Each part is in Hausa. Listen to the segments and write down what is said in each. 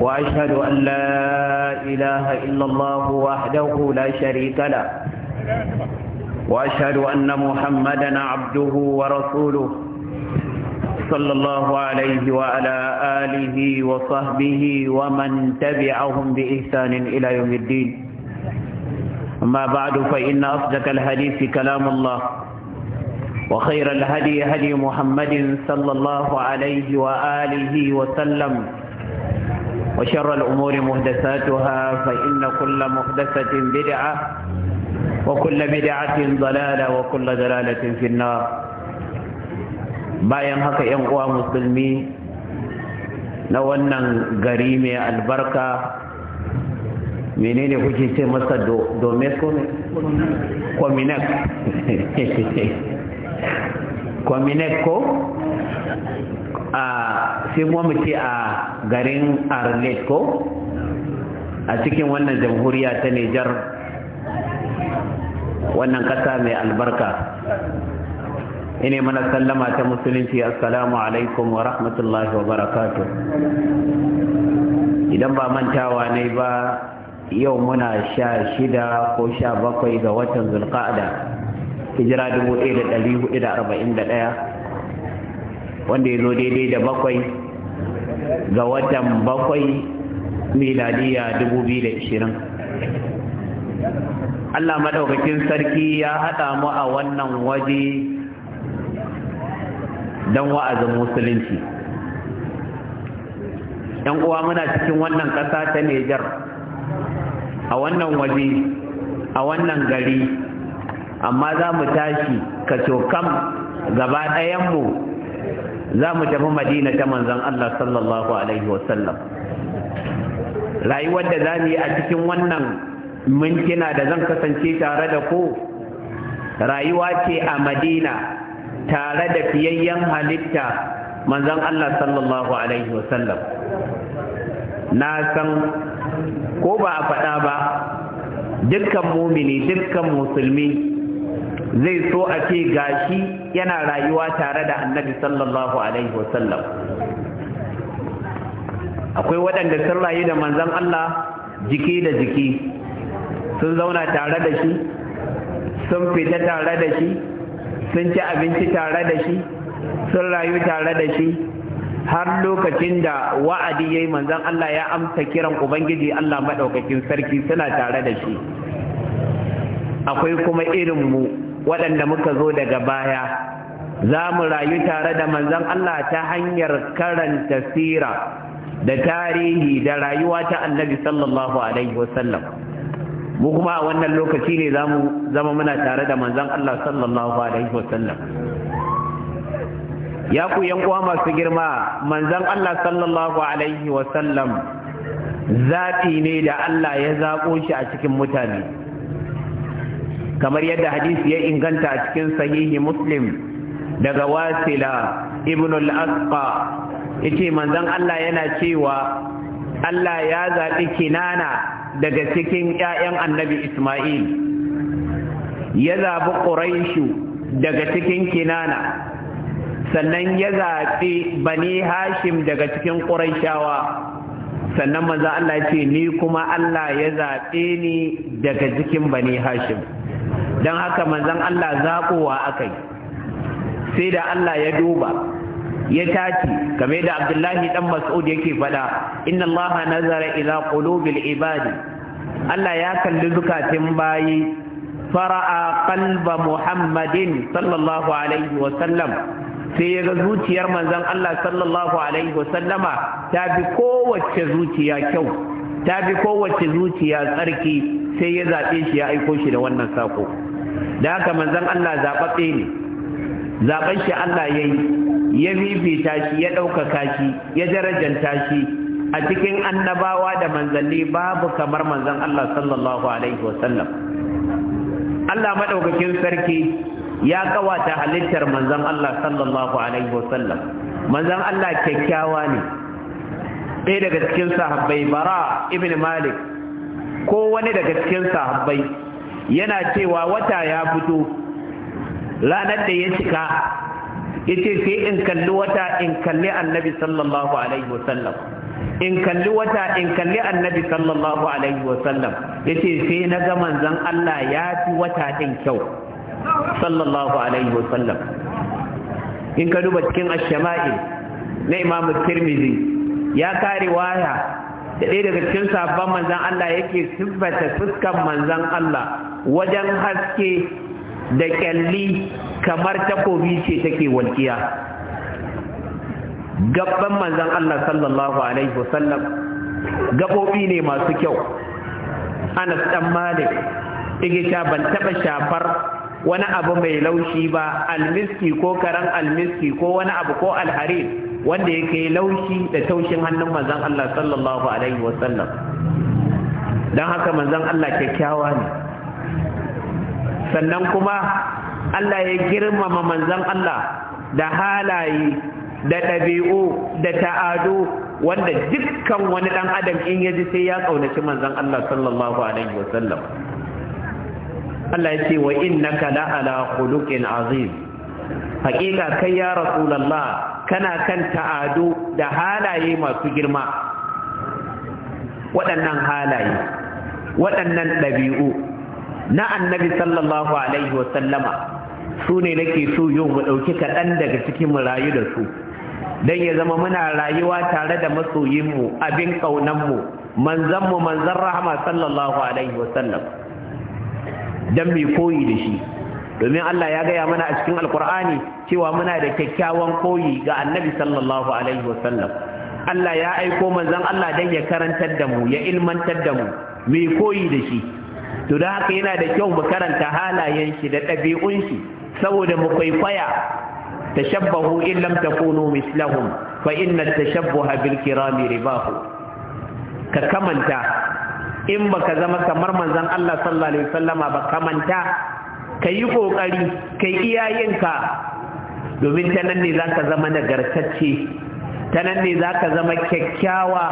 وأشهد أن لا إله إلا الله وحده لا شريك له وأشهد أن محمدا عبده ورسوله صلى الله عليه وعلى آله وصحبه ومن تبعهم بإحسان إلى يوم الدين أما بعد فإن أصدق الحديث كلام الله وخير الهدي هدي محمد صلى الله عليه وآله وسلم وشر الأمور محدثاتها فإن كل محدثة بدعة وكل بدعة ضلالة وكل ضلالة في النار bayan haka ‘yan uwa musulmi na wannan gari mai albarka menene kuke ce masa domes kominek ko a sai ce a garin arlet ko a cikin wannan jamhuriya ta nijar wannan kasa mai albarka ine mana sallama ta musulunci assalamu alaikum wa rahmatullahi wa barakatu idan ba mantawa ne ba yau muna sha shida ko sha bakwai ga watan da hijira 1441 wanda ya zo daidai da bakwai ga watan bakwai miladiya ishirin. Allah maɗaukakin sarki ya haɗa mu a wannan waje don wa'azin musulunci ‘yan uwa muna cikin wannan ƙasa ta Nijar a wannan waje a wannan gari amma za mu tashi ka kam gaba ɗayanmu za mu tafi madina ta manzon Allah sallallahu alaihi wasallam rayuwar da za mu yi a cikin wannan mintuna da zan kasance tare da ku rayuwa ce a madina tare da fiyayyen halitta manzan Allah sallallahu alaihi wasallam na san ko ba a faɗa ba dukkan mumini dukkan musulmi zai so a ce gashi yana rayuwa tare da annabi sallallahu alaihi wasallam akwai waɗanda sun rayu da manzan Allah jiki da jiki sun zauna tare da shi sun fita tare da shi sun ci abinci tare da shi sun rayu tare da shi har lokacin da wa'adi ya yi manzan Allah ya amsa kiran Ubangiji Allah maɗaukakin sarki suna tare da shi akwai kuma irin mu. waɗanda muka zo daga baya za mu rayu tare da manzon Allah ta hanyar karanta sira da tarihi da rayuwa ta annabi sallallahu alaihi wasallam mu kuma a wannan lokaci ne za mu zama muna tare da manzon Allah sallallahu alaihi wasallam ya ku yan uwa masu girma manzon Allah sallallahu alaihi wasallam zaɓi ne da Allah ya zaɓo shi a cikin mutane kamar yadda hadisi ya inganta a cikin sahihi muslim daga wasila ibn al-asqa yace manzon Allah yana cewa Allah ya zaɓi kinana daga cikin ƴaƴan annabi Isma'il ya zaɓi Quraishu daga cikin kinana sannan ya zaɓi bani hashim daga cikin ƙuraishawa sannan maza Allah ce ni kuma Allah ya zaɓe ni daga cikin bani hashim don haka manzan Allah zaƙowa aka yi sai da Allah ya duba ya taci game da abdullahi ɗan mas'ud yake faɗa inna Allah nazara ila qulubil ibadi Allah ya kalli zukatin bayi fara'a qalba muhammadin sallallahu alaihi wa sallam sai ya ga zuciyar manzon Allah sallallahu alaihi wa sallama ta bi kowace zuciya kyau ta bi kowace zuciya tsarki sai ya zaɓe shi ya aiko shi da wannan sako da haka manzon Allah zaɓaɓɓe ne zaɓen shi Allah ya yi ya fifita shi ya ɗaukaka shi ya darajanta shi a cikin annabawa da manzanni babu kamar manzon Allah sallallahu alaihi wasallam Allah maɗaukakin sarki ya kawata halittar manzon Allah sallallahu alaihi wasallam manzon Allah kyakkyawa ne ɗaya daga cikin sahabbai bara ibn malik ko wani daga cikin sahabbai yana cewa wata ya fito ranar da ya cika ce sai in kalli wata in kalli annabi sallallahu alaihi wasallam in kalli wata in kalli annabi sallallahu alaihi wasallam yace sai na ga manzon Allah ya fi wata din kyau sallallahu alaihi wasallam in ka duba cikin ash na Imamu Tirmidhi ya kare waya da ɗaya daga cikin sabon manzan Allah yake siffata fuskan manzan Allah wajen haske da ƙyalli kamar takobi ce take walƙiya gabban manzan Allah sallallahu alaihi wasallam gabobi ne masu kyau Anas dan Malik igita ban taɓa shafar wani abu mai laushi ba almiski ko karan almiski ko wani abu ko alharin wanda ya kai laushi da taushin hannun manzan Allah sallallahu alaihi wasallam don haka manzan Allah kyakkyawa ne sannan kuma Allah ya girmama manzan Allah da halaye da ɗabi'u da ta'adu wanda dukkan wani ɗan adam in ya ji sai ya ƙaunaci manzan Allah sallallahu alaihi wasallam Allah ya ce wa innaka la ala khuluqin azim haƙiƙa kai ya rasulallah kana kan ta'adu da halaye masu girma waɗannan halaye waɗannan ɗabi'u na annabi sallallahu alaihi wasallama su ne nake so yau mu ɗauki kaɗan daga cikin mu rayu da su Dan ya zama muna rayuwa tare da masoyinmu abin ƙaunanmu manzanmu manzan rahama sallallahu alaihi wasallam don mai koyi da shi domin Allah ya gaya mana a cikin alkur'ani cewa muna da kyakkyawan koyi ga annabi sallallahu alaihi wasallam Allah ya aiko manzon Allah dan ya karantar da mu ya ilmantar da mu mai koyi da shi to da haka yana da kyau mu karanta halayen shi da ɗabi'un shi saboda mu kwaikwaya tashabbahu in lam takunu mislahum fa inna tashabbuha bil kirami ribahu ka kamanta in baka zama kamar manzon Allah sallallahu alaihi wasallama ba kamanta ka yi ƙoƙari ka yi iyayenka domin ta nan ne za ka zama nagartacce ta nan ne za ka zama kyakkyawa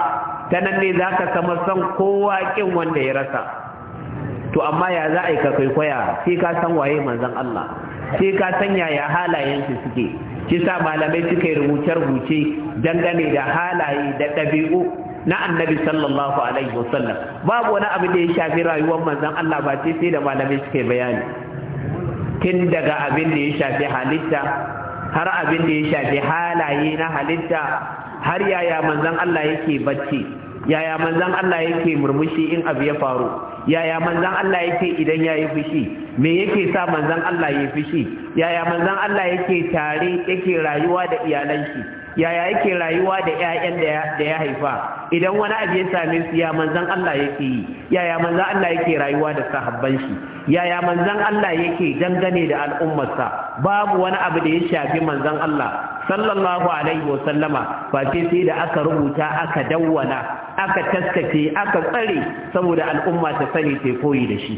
ta nan ne za ka sama son kowa ƙin wanda ya rasa to amma ya za a yi ka kwaikwaya sai ka san waye manzan Allah sai ka san yaya halayensu suke shi malamai suka yi rubuce-rubuce dangane da halaye da ɗabi'u na annabi sallallahu alaihi wasallam babu wani abu da ya shafi rayuwar manzon Allah ba sai da malamai suka yi bayani tun daga abin da ya shafi halitta har abin da ya shafi halaye na halitta har yaya manzan Allah yake bacci yaya manzan Allah yake murmushi in abu ya faru yaya manzan Allah yake idan ya yi fushi me yake sa manzan Allah ya fushi yaya manzan Allah yake tare yake rayuwa da iyalan shi yaya yake rayuwa da ƴaƴan da ya haifa idan wani abu ya same su ya manzan Allah yake yi yaya manzan Allah yake rayuwa da sahabban shi yaya manzan Allah yake dangane da al'ummarsa babu wani abu da ya shafi manzan Allah sallallahu alaihi sallama ba sai sai da aka rubuta aka dawwana aka taskace aka tsare saboda al'umma ta sani ta koyi da shi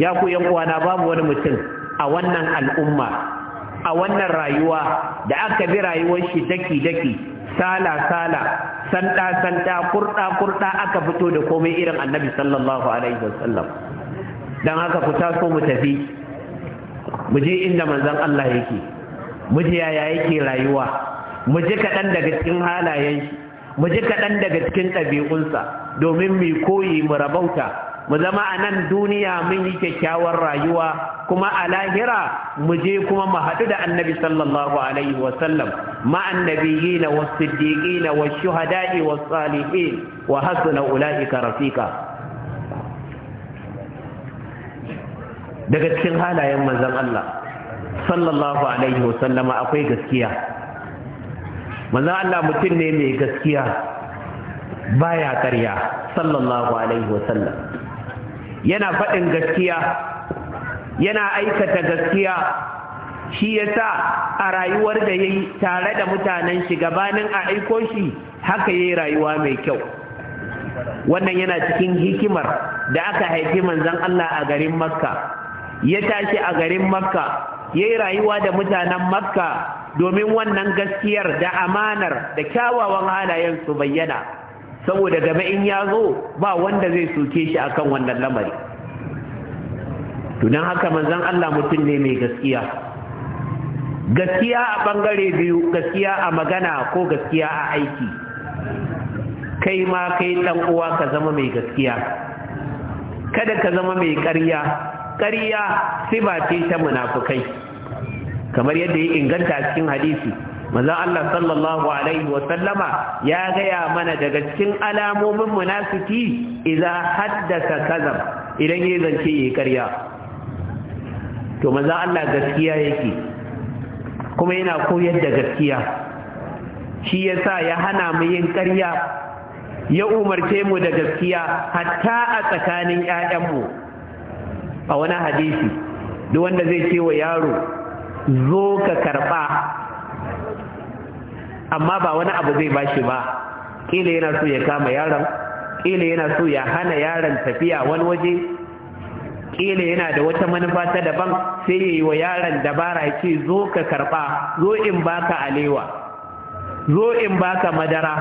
ya ku yan uwana babu wani mutum a wannan al'umma a wannan rayuwa da aka bi rayuwar shi daki-daki sala-sala sanda-sanda kurɗa-kurɗa aka fito da komai irin annabi sallallahu alaihi wasallam don haka ku taso mu tafi mu je inda manzon Allah yake mu je yaya yake rayuwa mu ji kaɗan daga cikin halayen shi mu ji kaɗan daga cikin ɗabi'unsa domin mu koyi mu rabauta mu zama a nan duniya mun yi kyakkyawar rayuwa kuma a lahira mu je kuma mu haɗu da annabi sallallahu alaihi wasallam na wasu wa na wasu shuhada'i wa salihin wa hasuna ula'ika rafika daga cikin halayen manzon Allah sallallahu alaihi wasallam akwai gaskiya manzon Allah mutum ne mai gaskiya baya karya sallallahu alaihi wasallam yana faɗin gaskiya yana aikata gaskiya shi ya sa a rayuwar da ya yi tare da mutanen shi gabanin a aiko shi haka ya yi rayuwa mai kyau wannan yana cikin hikimar da aka haifi manzan Allah a garin makka ya tashi a garin makka ya yi rayuwa da mutanen makka domin wannan gaskiyar da amanar da kyawawan halayen su bayyana saboda gaba in ya zo ba wanda zai suke shi akan wannan lamari tunan haka manzan Allah mutum ne mai gaskiya gaskiya a bangare biyu gaskiya a magana ko gaskiya a aiki kai ma kai dan uwa ka zama mai gaskiya kada ka zama mai ƙarya ƙarya siba ce ta munafukai kamar yadda ya inganta cikin hadisi Maza Allah sallallahu alaihi wa sallama ya gaya mana daga cikin alamomin munafiki idza haddasa kazab idan ya zance yayi karya. to maza Allah gaskiya yake kuma yana koyar da gaskiya shi yasa ya hana mu yin karya ya umarce mu da gaskiya hatta a tsakanin 'ya'yanmu a wani hadisi duk wanda zai ce wa yaro zo ka karɓa amma ba wani abu zai bashi ba kila yana so ya kama yaron kila yana so ya hana yaron tafiya wani waje kila yana da wata manufa ta daban sai ya yi wa yaron dabara ya ce zo ka karba zo in baka alewa zo in baka madara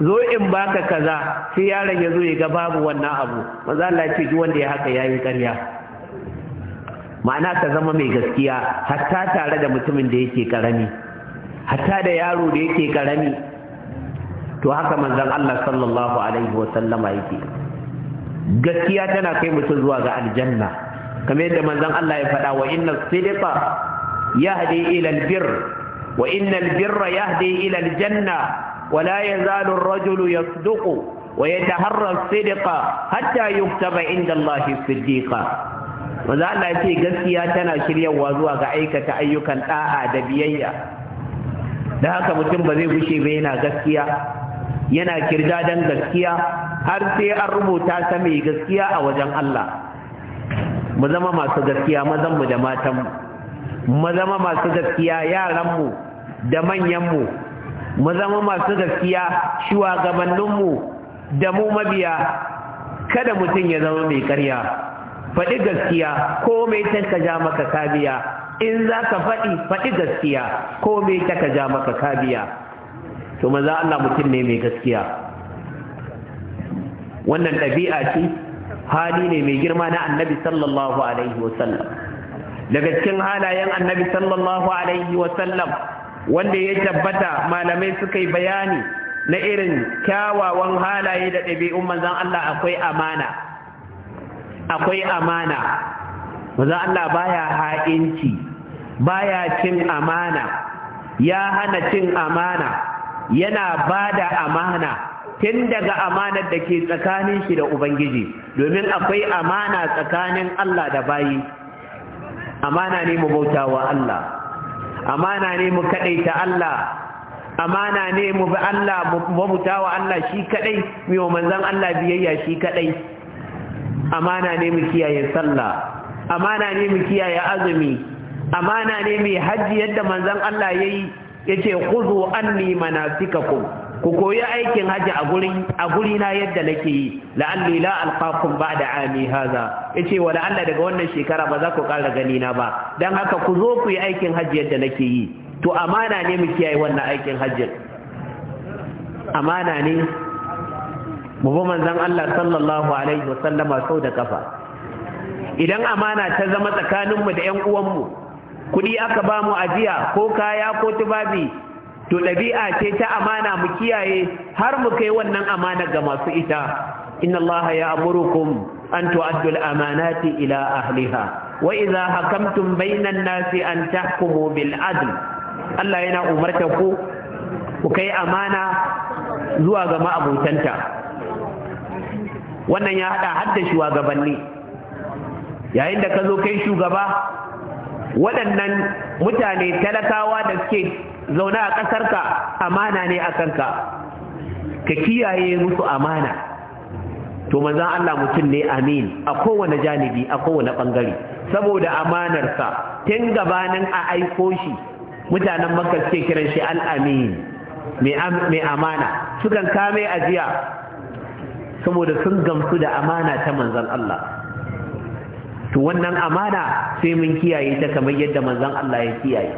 zo in baka kaza sai yaron ya zo ya ga babu wannan abu maza Allah ce duk wanda ya haka yayi ƙarya ma'ana ka zama mai gaskiya hatta tare da mutumin da yake karami hatta da yaro da yake karami to haka manzon Allah sallallahu alaihi wa sallama yake gaskiya tana kai mutum zuwa ga aljanna kamar yadda manzon Allah ya faɗa wa inna Sidiqa yahdi ila albir wa inna albirra yahdi ila aljanna wa la yazalu ar-rajulu yasduqu wa yataharra as Sidiqa hatta yuktaba inda Allah siddiqa manzon Allah ya gaskiya tana shiryawa zuwa ga aikata ayyukan da'a da biyayya da haka mutum ba zai gushe ba yana gaskiya yana kirga dan gaskiya har sai an rubuta ta mai gaskiya a wajen Allah mu zama masu gaskiya mazan mu da matan mu mu zama masu gaskiya yaran mu da manyan mu mu zama masu gaskiya shugabannin mu da mu mabiya kada mutum ya zama mai karya faɗi gaskiya komai tanka ja maka kabiya in za ka faɗi faɗi gaskiya ko me ta ka ja maka kabiya to maza Allah mutum ne mai gaskiya wannan ɗabi'a ce hali ne mai girma na annabi sallallahu alaihi wasallam daga cikin halayen annabi sallallahu alaihi wasallam wanda ya tabbata malamai suka yi bayani na irin kyawawan halaye da ɗabi'un manzan Allah akwai amana akwai amana manzon Allah baya ha'inci baya cin amana ya hana cin amana yana bada amana tun daga amanar da ke tsakanin shi da Ubangiji domin akwai amana tsakanin Allah da bayi amana ne mu bauta wa Allah amana ne mu kaɗai ta Allah amana ne mu bi Allah mu bauta wa Allah shi kaɗai mu yi manzan Allah biyayya shi kaɗai amana ne mu kiyaye sallah amana ne mu kiyaye azumi amana ne mai hajji yadda manzon Allah yayi yace khudhu anni manasikakum ku koyi aikin hajji a gurin a guri na yadda nake yi la'alli la alqakum ba'da ami hadha yace wala Allah daga wannan shekara ba za ku ƙara gani na ba dan haka ku zo ku yi aikin hajji yadda nake yi to amana ne mu kiyaye wannan aikin haji amana ne mu bi manzon Allah sallallahu alaihi wasallama sau da kafa idan amana ta zama tsakaninmu da 'yan uwanmu kuɗi aka ba mu ajiya ko kaya ko tubabi to ɗabi'a ce ta amana mu kiyaye har mu kai wannan amana ga masu ita inna allaha ya amurukum an tu'addu al-amanati ila ahliha wa idza hakamtum bainan nasi an tahkumu bil adl Allah yana umarta ku ku kai amana zuwa ga ma'abutanta wannan ya hada hadda shuwagabanni. yayin da ka zo kai shugaba waɗannan mutane talakawa da suke zaune a ƙasarka amana ne a kanka ka kiyaye musu amana to manzan Allah mutum ne amin a kowane janibi a kowane ɓangare saboda amanarsa tun gabanin a aiko shi mutanen makka suke kiran shi al'amin mai amana sukan kame ajiya saboda sun gamsu da amana ta manzan Allah to wannan amana sai mun kiyaye ta kamar yadda manzon Allah ya kiyaye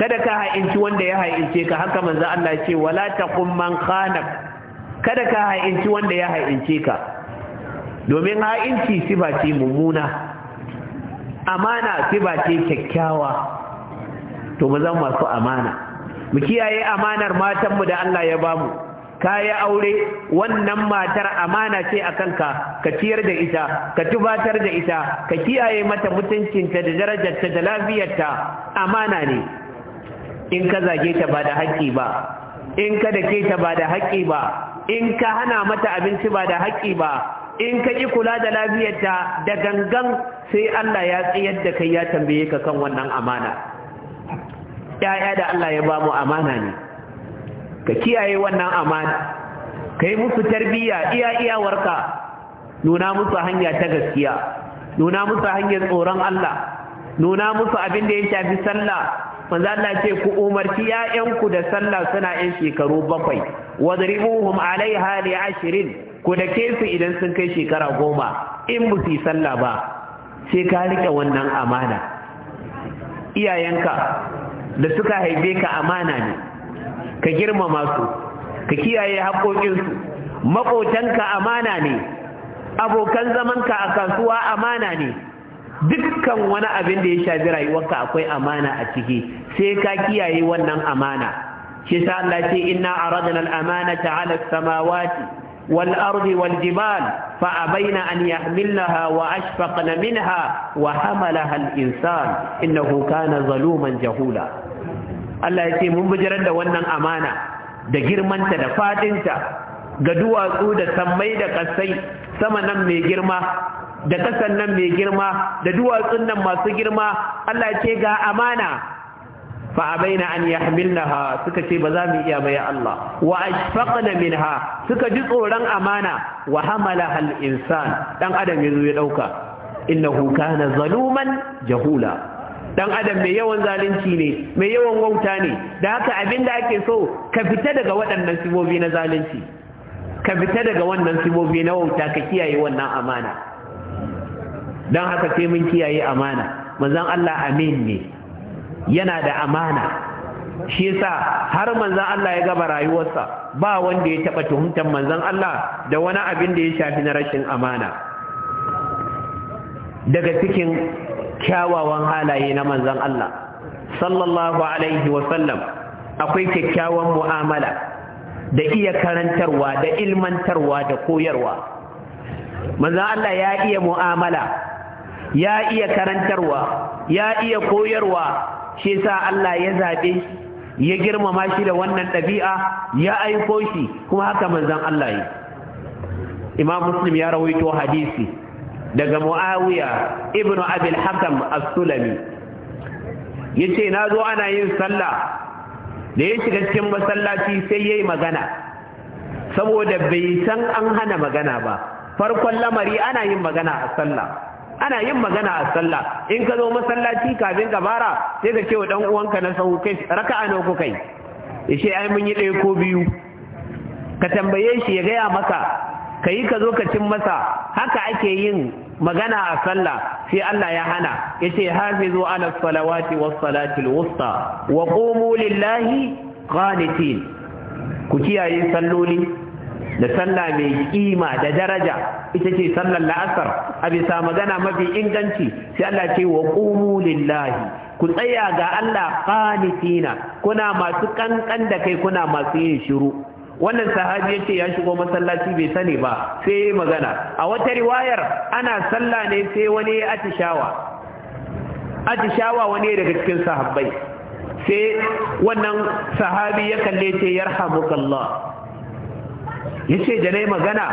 kada ka ha'inci wanda ya ha'ince ka haka manzon Allah ya ce wala taqum man khanak kada ka ha'inci wanda ya ha'ince ka domin ha'inci sifa ce mummuna amana sifa ce kyakkyawa to mu zama masu amana mu kiyaye amanar matanmu da Allah ya bamu ka yi aure wannan matar amana ce a kanka ka ciyar da ita ka tubatar da ita ka kiyaye mata mutuncinta da darajarta da lafiyarta amana ne in ka zage ta ba da haƙƙi ba in ka dake ta ba da haƙƙi ba in ka hana mata abinci ba da haƙƙi ba in ka ƙi kula da lafiyarta da gangan sai Allah ya tsayar da kai ya tambaye ka kan wannan amana ‘ya'ya da Allah ya ba mu amana ne ka kiyaye wannan amana ka yi musu tarbiyya iya iyawarka nuna musu hanya ta gaskiya nuna musu hanyar tsoron Allah nuna musu abin da ya shafi sallah manzo Allah ce ku umarci ƴaƴanku da sallah suna yin shekaru bakwai wadribuhum alaiha li ashrin ku da su idan sun kai shekara goma in ba su sallah ba sai ka rike wannan amana iyayenka da suka haife ka amana ne ka girmama su ka kiyaye haƙoƙinsu maƙotanka amana ne abokan zamanka a kasuwa amana ne dukkan wani abin da ya shafi rayuwarka akwai amana a ciki sai ka kiyaye wannan amana shi sa Allah ce inna aradna al-amanata 'ala as-samawati والأرض والجبال فأبين أن minha wa منها وحملها الإنسان إنه كان ظلوما jahula. Allah ya ce mun bijirar da wannan amana da girmanta da fadinta ga duwatsu da sammai da kasai sama nan mai girma da kasan nan mai girma da duwatsun nan masu girma Allah ya ce ga amana fa abaina an yahmilnaha suka ce ba za mu iya bai Allah wa ashfaqna minha suka ji tsoron amana wa hamalaha al-insan dan adam yazo ya dauka innahu kana zaluman jahula dan adam mai yawan zalunci ne mai yawan wauta ne da haka abin da ake so ka fita daga waɗannan sibobi na zalunci ka fita daga wannan sibobi na wauta ka kiyaye wannan amana don haka sai mun kiyaye amana manzon Allah amin ne yana da amana shi yasa har manzon Allah ya gaba rayuwarsa ba wanda ya taɓa tuhumtar manzon Allah da wani abin da ya shafi na rashin amana daga cikin kyawawan halaye na manzan Allah sallallahu alaihi wasallam akwai kyakkyawan mu'amala da iya karantarwa da ilmantarwa da koyarwa manzan Allah ya iya mu'amala ya iya karantarwa ya iya koyarwa shi sa Allah ya zaɓe ya girmama shi da wannan ɗabi'a ya aiko shi kuma haka manzan Allah yi imam muslim ya rawaito hadisi daga muawiya ibn abil hakam as-sulami yace zo ana yin sallah da ya shiga cikin masallaci sai yayi magana saboda bai san an hana magana ba farkon lamari ana yin magana a sallah ana yin magana a sallah in ka zo masallaci kafin ka bara sai ka ce wa dan uwanka na sahu kai raka'a nawa ku kai yace ai mun yi ɗaya ko biyu ka tambaye shi ya gaya maka ka yi ka zo ka cin masa haka ake yin magana a sallah sai Allah ya hana yace hafizu ala salawati was salatil wusta wa qumu lillahi qanitin ku kiyaye salloli da sallah mai kima da daraja ita ce sallar la'asar a bisa magana mafi inganci sai Allah ce wa qumu lillahi ku tsaya ga Allah qanitina kuna masu kankan da kai kuna masu yin shiru wannan sahabi ce ya shigo masallaci bai sani ba sai yayi magana a wata riwayar ana sallah ne sai wani ya atishawa atishawa wani daga cikin sahabbai sai wannan sahabi ya kalle ce yarhamukallah yace da nayi magana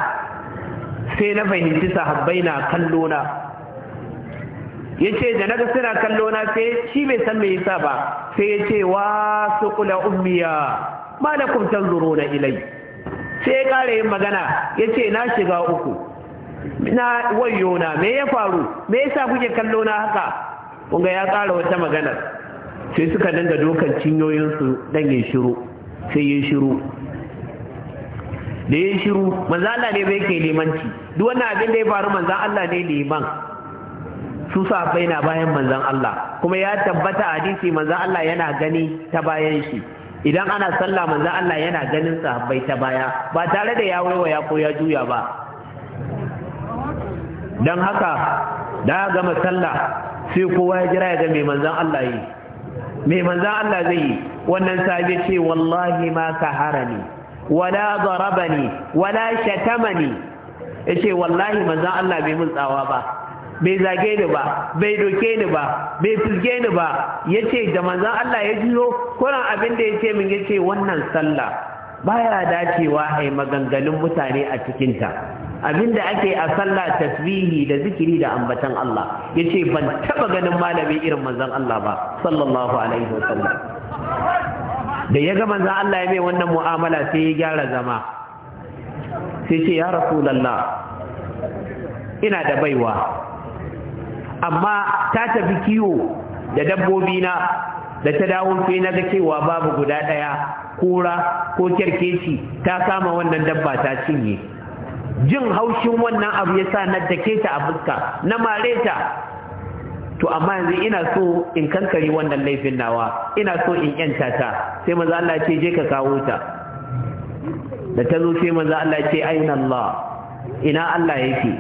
sai na fahimci sahabbai na kallo na yace da naga suna kallo na sai shi bai san me yasa ba sai yace wa suqula ummiya ma lakum na ilai sai ya kare yin magana Ya ce na shiga uku na wayo me ya faru me ya sa kuke kallo na haka kunga ya kara wata magana sai suka dinga dokan cinyoyinsu dan yin shiru sai yin shiru da yin shiru manzan Allah ne bai ke limanci duk wannan abin da ya faru manzan Allah ne liman su sahabbai na bayan manzan Allah kuma ya tabbata hadisi manzan Allah yana gani ta bayan shi idan ana sallah manzo Allah yana ganin sahabbai ta baya ba tare da ya waiwaya ko ya juya ba don haka da gama sallah sai kowa ya jira ya ga mai manzon Allah yi mai manzon Allah zai yi wannan sai ce wallahi ma kaharani wala darabani wala shatamani yace wallahi manzon Allah bai mun tsawa ba bai zage ni ba bai doke ni ba bai fulge ni ba yace da manzan Allah ya jiro kuran abin da yace min yace wannan sallah baya dacewa ai maganganun mutane a cikin ta abinda ake a sallah tasbihi da zikiri da ambatan Allah yace ban taba ganin malami irin manzan Allah ba sallallahu alaihi wasallam da ya ga manzan Allah ya mai wannan mu'amala sai ya gyara zama sai ce ya rasulallah ina da baiwa amma ta tafi kiwo da dabbobi na da ta dawo sai na ga cewa babu guda ɗaya kura ko kyarkeci ta kama wannan dabba ta cinye jin haushin wannan abu ya sa na take ta a fuska na mare ta to amma yanzu ina so in kankare wannan laifin nawa ina so in yanta ta sai maza Allah ce je ka kawo ta da ta zo sai maza Allah ce aina Allah ina Allah yake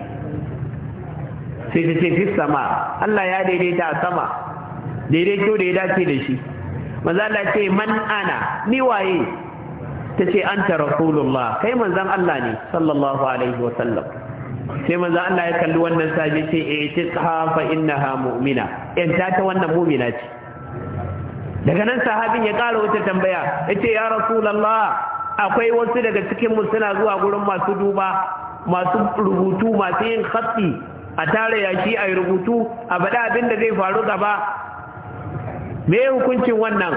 sai ta ce fi sama Allah ya daidaita a sama daidaito da ya dace da shi manzo Allah ce man ana ni waye ta ce anta rasulullah kai manzon Allah ne sallallahu alaihi wa sallam sai manzo Allah ya kalli wannan Ya ce i'tiqa eh, fa innaha mu'mina in ta ta wannan mu'mina ce daga nan sahabin ya ƙara wata tambaya yace ya rasulullah akwai wasu daga cikin mu suna zuwa gurin masu duba masu rubutu masu yin khatti a tara yaki a rubutu a faɗa abin da zai faru gaba me hukuncin wannan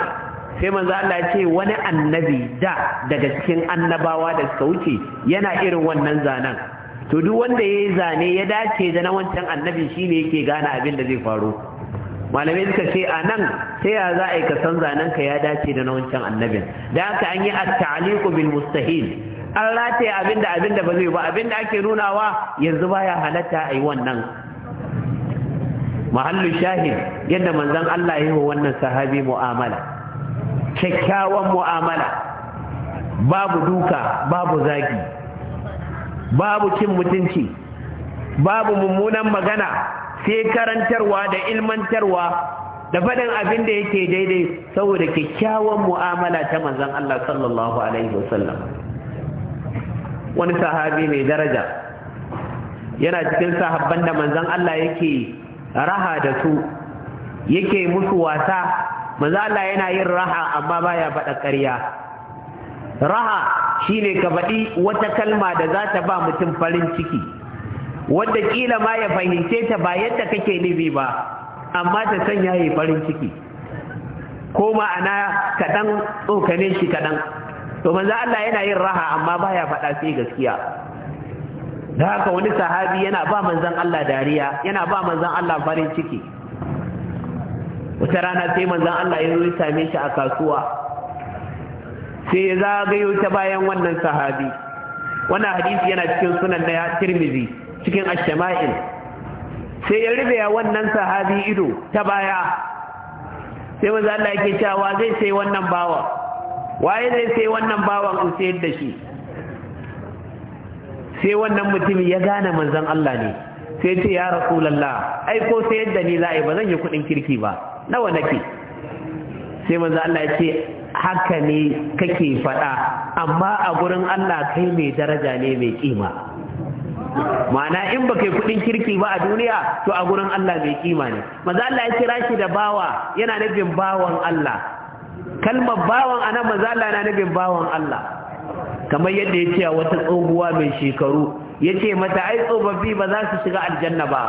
sai manzo Allah ce wani annabi da daga cikin annabawa da suka wuce yana irin wannan zanen to duk wanda yayi zane ya dace da na wancan annabi shine yake gane abin da zai faru malamai suka ce a nan sai ya za a yi ka san zanen ka ya dace da na wancan annabin da haka an yi at-ta'liqu bil mustahil an rataye abinda abinda ba zai ba abinda ake nunawa yanzu baya halatta a yi wannan mahallu shahid yadda manzan Allah ya yi wa wannan sahabi mu'amala kyakkyawan mu'amala babu duka babu zagi babu cin mutunci babu mummunan magana sai karantarwa da ilmantarwa da faɗin abin da yake daidai saboda kyakkyawan mu'amala ta manzan Allah sallallahu alaihi wasallam wani sahabi mai daraja yana cikin sahabban da manzan Allah yake raha da su yake musu wasa manzan Allah yana yin raha amma baya faɗa ƙarya raha shine ka faɗi wata kalma da za ta ba mutum farin ciki wadda ƙila ma ya fahimce ta ba yadda kake nufi ba amma ta sanya yi farin ciki ko ma'ana kaɗan tsokane shi kaɗan to manzo Allah yana yin raha amma baya faɗa sai gaskiya da haka wani sahabi yana ba manzon Allah dariya yana ba manzon Allah farin ciki wata rana sai manzon Allah ya yi same shi a kasuwa sai ya zagayo ta bayan wannan sahabi wannan hadisi yana cikin sunan na Tirmidhi cikin Ash-Shama'il sai ya rufe wannan sahabi ido ta baya sai manzon Allah yake cewa zai sai wannan bawa waye zai sai wannan bawan in sayar da shi sai wannan mutum ya gane manzon Allah ne sai ce ya rasulullah ai ko sayar da ni za yi ba zan yi kuɗin kirki ba nawa nake sai manzon Allah ya ce haka ne kake faɗa amma a gurin Allah kai mai daraja ne mai kima ma'ana in baka yi kuɗin kirki ba a duniya to a gurin Allah mai kima ne manzon Allah ya kira shi da bawa yana nufin bawan Allah kalmar bawan anan manzo Allah nufin bawan Allah kamar yadda ya ce wata tsohuwa mai shekaru ya ce mata ai tsofaffi ba za su shiga aljanna ba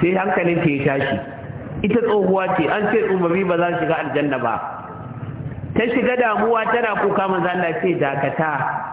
sai hankalin ta ya tashi ita tsohuwa ce an ce tsofaffi ba za su shiga aljanna ba ta shiga damuwa tana kuka manzo Allah ce dakata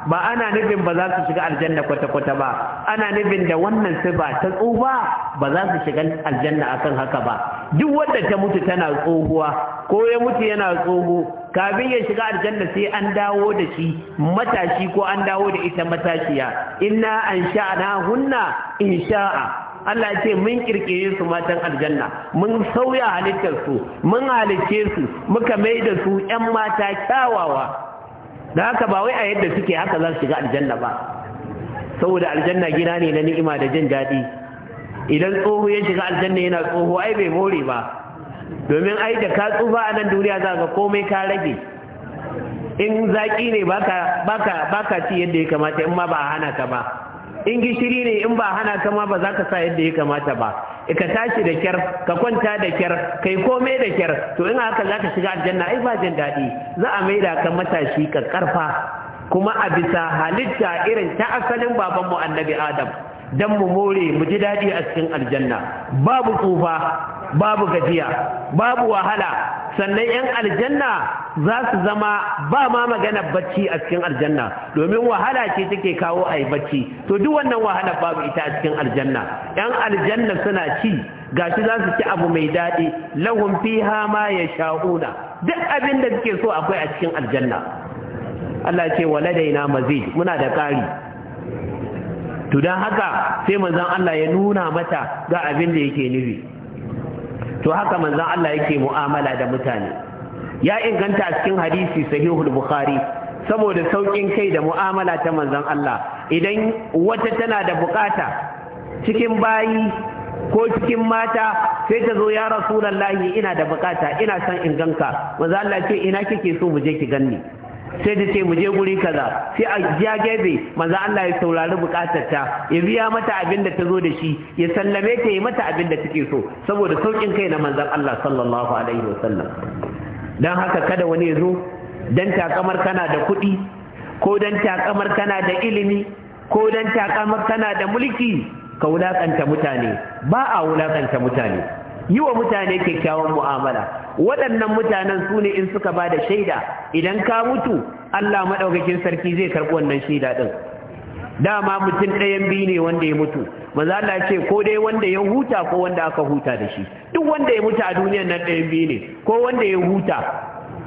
ba ana nufin ba za su shiga aljanna kwata kwata ba ana nufin da wannan ba ta tsufa ba za su shiga aljanna akan haka ba duk wanda ta mutu tana tsohuwa ko ya mutu yana tsoho kafin ya shiga aljanna sai an dawo da shi matashi ko an dawo da ita matashiya inna an na hunna in sha'a Allah ya ce mun kirkire su matan aljanna mun sauya halittar su mun halice su muka mai da su ƴan mata kyawawa da haka ba wai a yadda suke haka za su shiga aljanna ba saboda aljanna gina ne na ni'ima da jin daɗi idan tsoho ya shiga aljanna yana tsoho ai bai more ba domin ai da ka tsufa a nan duniya za ka komai ka rage in zaƙi ne baka ci yadda ya kamata in ma ba a hana ka ba in gishiri ne in ba hana kama ba za ka sa yadda ya kamata ba ka tashi da kyar ka kwanta da kyar kai komai da kyar to in haka za ka shiga aljanna ai ba jin daɗi za a maida ka matashi ka karfa kuma a bisa halitta irin ta asalin babanmu annabi adam dan mu more mu ji daɗi a cikin aljanna babu tsufa babu gajiya babu wahala sannan 'yan aljanna za su zama ba ma magana bacci a cikin aljanna domin wahala ce take kawo a yi bacci to duk wannan wahala babu ita a cikin aljanna 'yan aljanna suna ci gashi za su ci abu mai daɗi lahun fi hama ya sha'una duk abin da suke so akwai a cikin aljanna Allah ce wa ladaina mazid muna da ƙari to don haka sai manzon Allah ya nuna mata ga abin da yake nufi to haka manzon Allah yake mu'amala da mutane ya inganta a cikin hadisi sahihul bukhari saboda saukin kai da mu'amala ta manzon Allah idan wata tana da bukata cikin bayi ko cikin mata sai ta zo ya rasulallahi ina da bukata ina son inganka, ganka Allah ce ina kike so mu je ki ganni sai ta ce mu je guri kaza sai a ja gefe manzo Allah ya saurari bukatar ta ya biya mata abin da ta zo da shi ya sallame ta yi mata abin da take so saboda saukin kai na manzon Allah sallallahu alaihi wasallam dan haka kada wani ya zo dan kamar kana da kuɗi ko dan kamar kana da ilimi ko dan kamar kana da mulki ka wulakanta mutane ba a wulakanta mutane yi wa mutane kyakkyawan mu'amala waɗannan mutanen su ne in suka ba da shaida idan ka mutu Allah maɗaukakin sarki zai karɓi wannan shaida ɗin dama mutum ɗayan biyu ne wanda ya mutu maza Allah ce ko dai wanda ya huta ko wanda aka huta da shi duk wanda ya mutu a duniyar nan ɗayan biyu ne ko wanda ya huta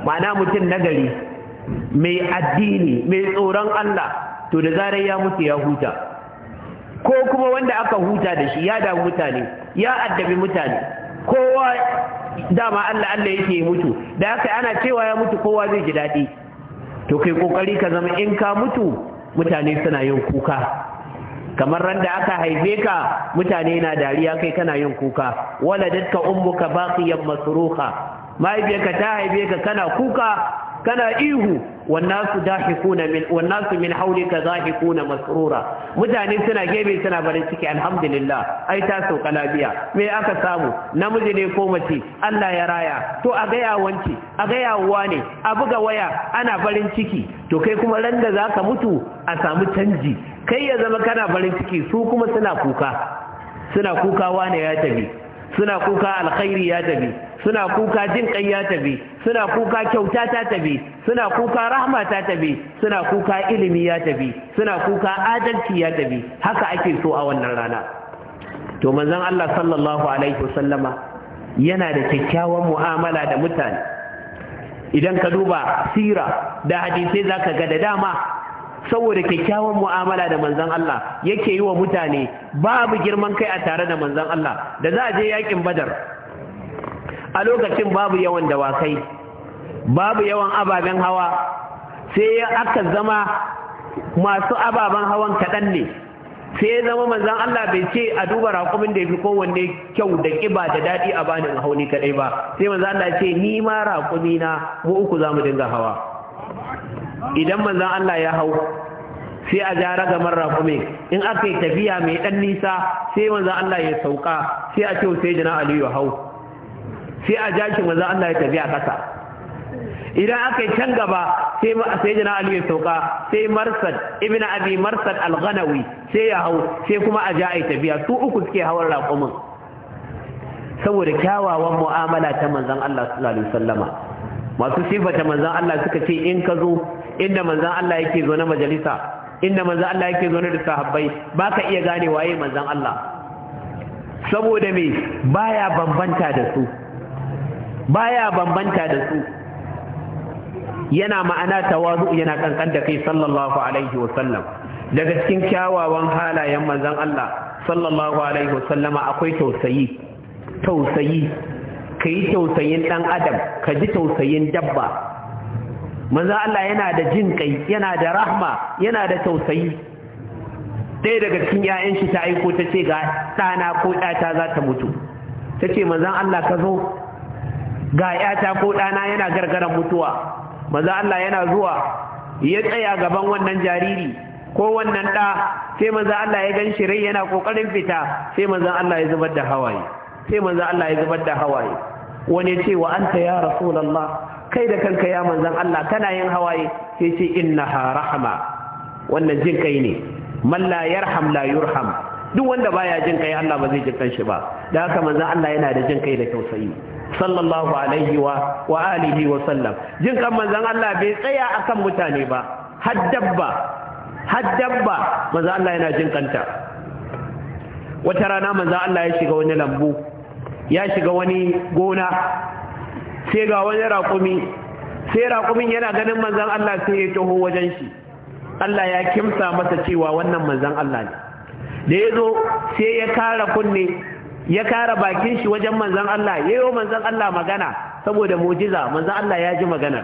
ma'ana mutum nagari mai addini mai tsoron Allah to da zarar ya mutu ya huta ko kuma wanda aka huta da shi ya damu mutane ya addabi mutane kowa dama Allah Allah yake mutu da haka ana cewa ya mutu kowa zai ji daɗi to kai kokari ka zama in ka mutu mutane suna yin kuka kamar ran da aka haife ka mutane na dariya kai kana yin kuka waladatka ummuka baqiyan masruha mahaifiyarka ta haife ka kana kuka kana ihu والناس ضاحكون ne ka من حولك ضاحكون مسرورا mutane suna gebe suna barin ciki alhamdulillah ai ta sauka lafiya me aka samu namiji ne ko mace Allah ya raya to a ga yawanci a gayawa ne a buga waya ana barin ciki to kai kuma ran da zaka mutu a samu canji kai ya zama kana barin ciki su kuma suna kuka suna kukawa ne ya tafi suna kuka alkhairi ya tafi suna kuka jin kai ya tafi suna kuka kyauta ta tafi suna kuka rahma ta tafi suna kuka ilimi ya tafi suna kuka adalci ya tafi haka ake so a wannan rana to manzon Allah sallallahu alaihi wasallama yana da kyakkyawan mu'amala da mutane idan ka duba sira da hadisai zaka ga da dama saboda kyakkyawan mu'amala da manzon Allah yake yi wa mutane babu girman kai a tare da manzon Allah da za a je yakin badar a lokacin babu yawan dawakai babu yawan ababen hawa sai aka zama masu ababen hawan kaɗan ne sai ya zama manzan Allah bai ce a duba raƙumin da ya fi kowanne kyau da ƙiba da daɗi a bani in hauni kaɗai ba sai manzan Allah ce ni ma raƙumi na mu uku zamu dinga hawa idan manzan Allah ya hau sai a jara ga ragamar rakume in aka yi tafiya mai dan nisa sai manzan Allah ya sauka sai a ce sai jina Ali ya hau sai a jashi manzan Allah ya tafi a kasa idan aka yi can gaba sai sai jina Ali ya sauka sai Marsad ibn Abi Marsad al-Ghanawi sai ya hau sai kuma a ja ai tafiya su uku suke hawar raƙumin saboda kyawawan mu'amala ta manzan Allah sallallahu alaihi wasallama masu sifata manzan Allah suka ce in ka zo inda manzan Allah yake zo na majalisa inda manzan Allah yake zo na da sahabbai ba ka iya gane waye manzan Allah saboda me baya bambanta da su baya bambanta da su yana ma'ana tawazu yana kankan da kai sallallahu alaihi wa sallam daga cikin kyawawan halayen manzan Allah sallallahu alaihi wa sallama akwai tausayi tausayi ka yi tausayin ɗan adam ka ji tausayin dabba manzo Allah yana da jin kai yana da rahma yana da tausayi ɗaya daga cikin 'ya'yan shi ta aiko ta ce ga ɗana ko ɗata za ta mutu ta ce manzan Allah ka zo ga ‘yata ko ɗana yana gargaran mutuwa maza Allah yana zuwa ya tsaya gaban wannan jariri ko wannan ɗa sai maza Allah ya gan shi rai yana ƙoƙarin fita sai mazan Allah ya zubar da hawaye sai manzo Allah ya zubar da hawaye wani ce wa anta ya rasulullah kai da kanka ya manzon Allah kana yin hawaye sai ce innaha rahma wannan jin kai ne man la yarham la yurham duk wanda baya jin kai Allah ba zai jin kan shi ba da haka manzon Allah yana da jin kai da tausayi sallallahu alaihi wa wa alihi wa sallam jin kan manzon Allah bai tsaya akan mutane ba har dabba har Allah yana jin kanta wata rana manzo Allah ya shiga wani lambu ya shiga wani gona sai ga wani raƙumi sai raƙumin yana ganin manzan Allah sai ya taho wajen shi Allah ya kimsa masa cewa wannan manzan Allah ne da ya zo sai ya kara kunne ya kara bakin shi wajen manzan Allah ya yi manzan Allah magana saboda mujiza manzan Allah ya ji magana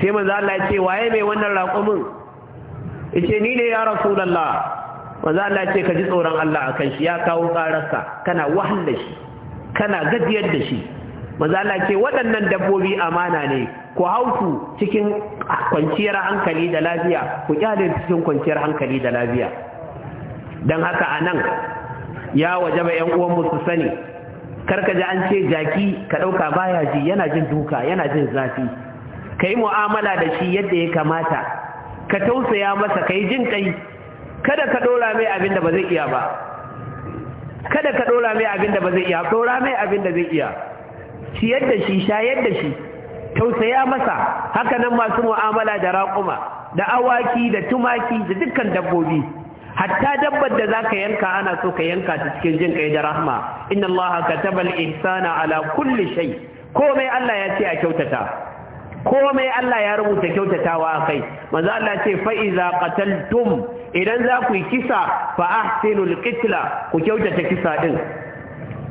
sai manzan Allah ya ce waye mai wannan raƙumin ya ce ni ne ya rasulallah manzo Allah ce ka ji tsoron Allah a kan shi ya kawo ƙararsa kana wahal shi kana gajiyar da shi manzo Allah ce waɗannan dabbobi amana ne ku hauku cikin kwanciyar hankali da lafiya ku kyale cikin kwanciyar hankali da lafiya dan haka anan ya waje ƴan uwan musu su sani ka ji an ce jaki ka ɗauka baya ji yana jin duka yana jin zafi ka yi mu'amala da shi yadda ya kamata ka tausaya masa ka yi jin kai kada ka dora mai abin da ba zai iya ba kada ka dora mai abin da ba zai iya dora mai abin da zai iya ciyar da shi shayar da shi tausaya masa hakanan masu mu'amala da raƙuma da awaki da tumaki da dukkan dabbobi hatta dabbar da zaka yanka ana so ka yanka ta cikin jin kai da rahma inna allaha kataba al-ihsana ala kulli shay komai Allah ya ce a kyautata komai Allah ya rubuta kyautatawa akai manzo Allah ce fa iza qataltum idan za ku yi kisa fa ahsinul qitla ku kyautata kisa ɗin.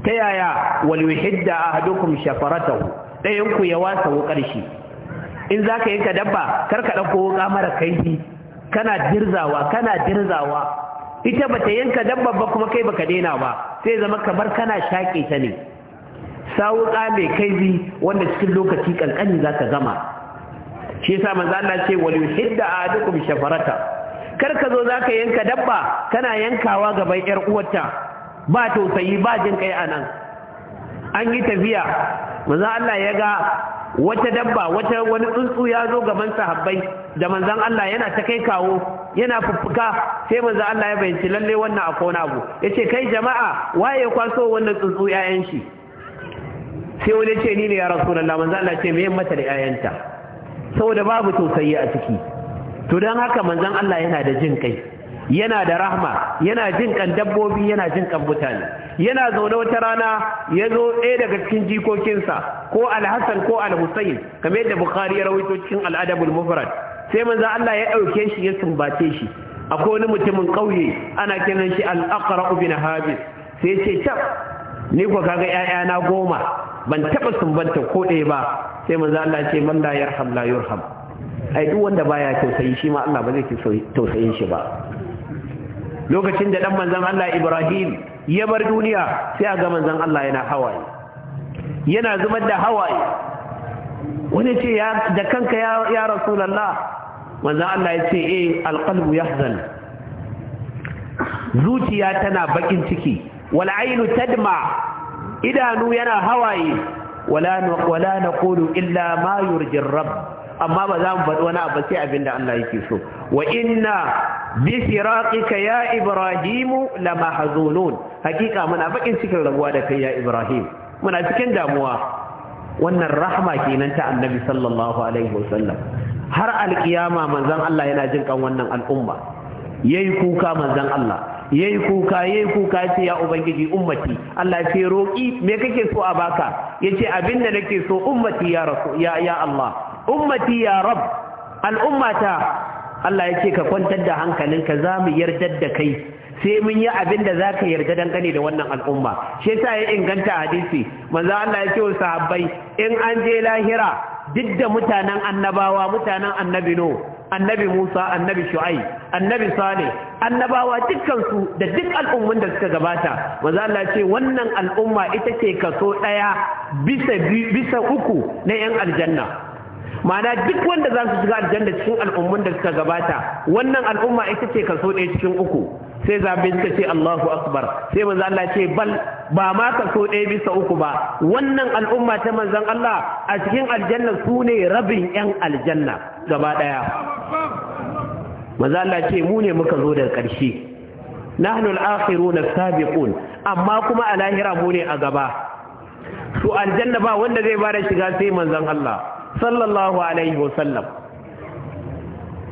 ta yaya hidda a ahadukum shafaratahu shafarata ku ya wasa wukar shi in za ka yanka dabba kar ka ɗauko wuka mara kaifi kana dirzawa kana dirzawa ita ba ta yanka dabba ba kuma kai baka daina ba sai zama kamar kana shaƙe ta ne sawuka mai kaifi wanda cikin lokaci kankani za ka gama shi yasa manzo Allah ce wal yuhidda ahadukum shafarata kar ka zo zaka yanka dabba kana yankawa gaban yar uwarta ba tausayi ba jin kai anan an yi tafiya manzon Allah ya ga wata dabba wata wani tsuntsu ya zo gaban sahabbai da manzan Allah yana ta kai kawo yana fuffuka sai manzon Allah ya bayanci lalle wannan a kona abu yace kai jama'a waye ya kwaso wannan tsuntsu yayan shi sai wani ce ni ne ya rasulullah manzon Allah ce me mata da yayanta saboda babu tausayi a ciki to don haka manzan Allah yana da jin kai yana da rahma yana jin kan dabbobi yana jin kan mutane yana zaune wata rana ya zo ɗaya daga cikin jikokinsa ko alhassan ko alhussein kamar yadda bukhari ya rawaito cikin al'adabul mufrad sai manzan Allah ya ɗauke shi ya sumbace shi akwai wani mutumin ƙauye ana kiran shi al'aqra ibn habis sai ce tab ni ko kaga ƴaƴana goma ban taɓa sumbanta ko ɗaya ba sai manzan Allah ya ce man la yarham la yurham ai duk wanda baya tausayi shi ma Allah ba zai tausayin shi ba lokacin da dan manzon Allah Ibrahim ya bar duniya sai ga manzon Allah yana hawaye yana zubar da hawaye wani ce ya da kanka ya ya rasulullah manzon Allah ya ce eh alqalbu yahzan zuciya tana bakin ciki wal ainu tadma idanu yana hawaye wala wala naqulu illa ma yurji rabb amma ba za mu faɗi wani abu sai abin da Allah yake so wa inna bi firaqika ya ibrahim la mahzunun hakika muna bakin cikin rabuwa da kai ya ibrahim muna cikin damuwa wannan rahma kenan ta annabi sallallahu alaihi wasallam har alkiyama manzon Allah yana jin kan wannan al'umma yayi kuka manzon Allah yayi kuka yayi kuka ce ya ubangiji ummati Allah ce roki me kake so a baka yace abinda nake so ummati ya rasu ya ya Allah ummati ya rab al'ummata Allah yace ka kwantar da hankalinka za mu yarda da kai sai mun yi abin da za ka yarda dangane da wannan al'umma shi yasa ya inganta hadisi manzo Allah ya wa sahabbai in an je lahira duk da mutanen annabawa mutanen annabi no annabi Musa annabi shua'i annabi Saleh annabawa dukkan su da duk al'ummun da suka gabata manzo Allah ya wannan al'umma ita ce kaso daya bisa bisa uku na yan aljanna ma'ana duk wanda za su shiga aljanna cikin al'umman da suka gabata wannan al'umma ita ce kaso ɗaya cikin uku sai zabe suka ce Allahu akbar sai manzo Allah ce bal ba ma kaso ɗaya bisa uku ba wannan al'umma ta manzon Allah a cikin aljanna su ne rabin yan aljanna gaba ɗaya manzo Allah ce mu ne muka zo daga ƙarshe nahnu al-akhiruna sabiqun amma kuma a lahira mu ne a gaba su aljanna ba wanda zai bada shiga sai manzan Allah sallallahu alaihi wasallam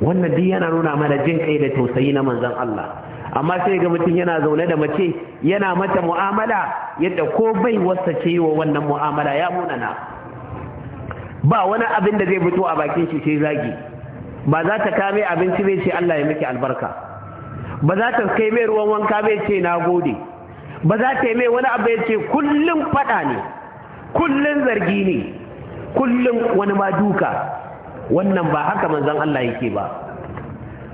wannan duk yana nuna mana jin kai da tausayi na manzon Allah amma sai ga mutum yana zaune da mace yana mata mu'amala yadda ko bai wasa ce wa wannan mu'amala ya na. ba wani abin da zai fito a bakin shi sai zagi ba za ta kame abinci bai ce Allah ya miki albarka ba za ta kai mai ruwan wanka bai ce na gode ba za ta yi mai wani abu ya ce kullum faɗa ne kullum zargi ne kullum wani ma duka wannan ba haka manzon Allah yake ba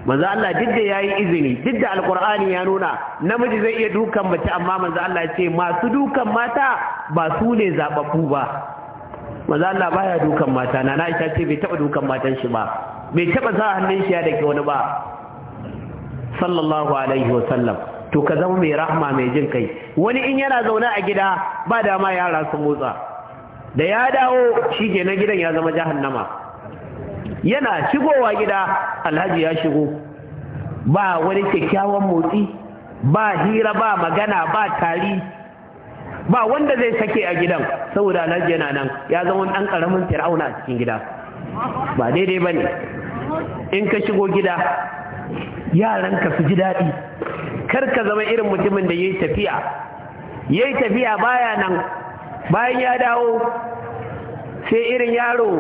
manzon Allah duk da yayi izini duk da alqur'ani ya nuna namiji zai iya dukan mace amma manzon Allah yace ce masu dukan mata ba su ne zababbu ba manzon Allah baya dukan mata na Aisha ce bai taba dukan matan shi ba bai taba sa hannun shi ya dake wani ba sallallahu alaihi wa sallam to ka zama mai rahma mai jin kai wani in yana zaune a gida ba dama yara su motsa da ya dawo shi ke na gidan ya zama jahannama yana shigowa gida alhaji ya shigo ba wani kyakkyawan motsi ba hira ba magana ba tari ba wanda zai sake a gidan saboda alhaji yana nan ya zama ɗan ƙaramin fir'auna a cikin gida ba daidai ba ne in ka shigo gida yaran ka su ji daɗi kar ka zama irin mutumin da ya yi tafiya ya yi tafiya baya nan bayan ya dawo sai irin yaro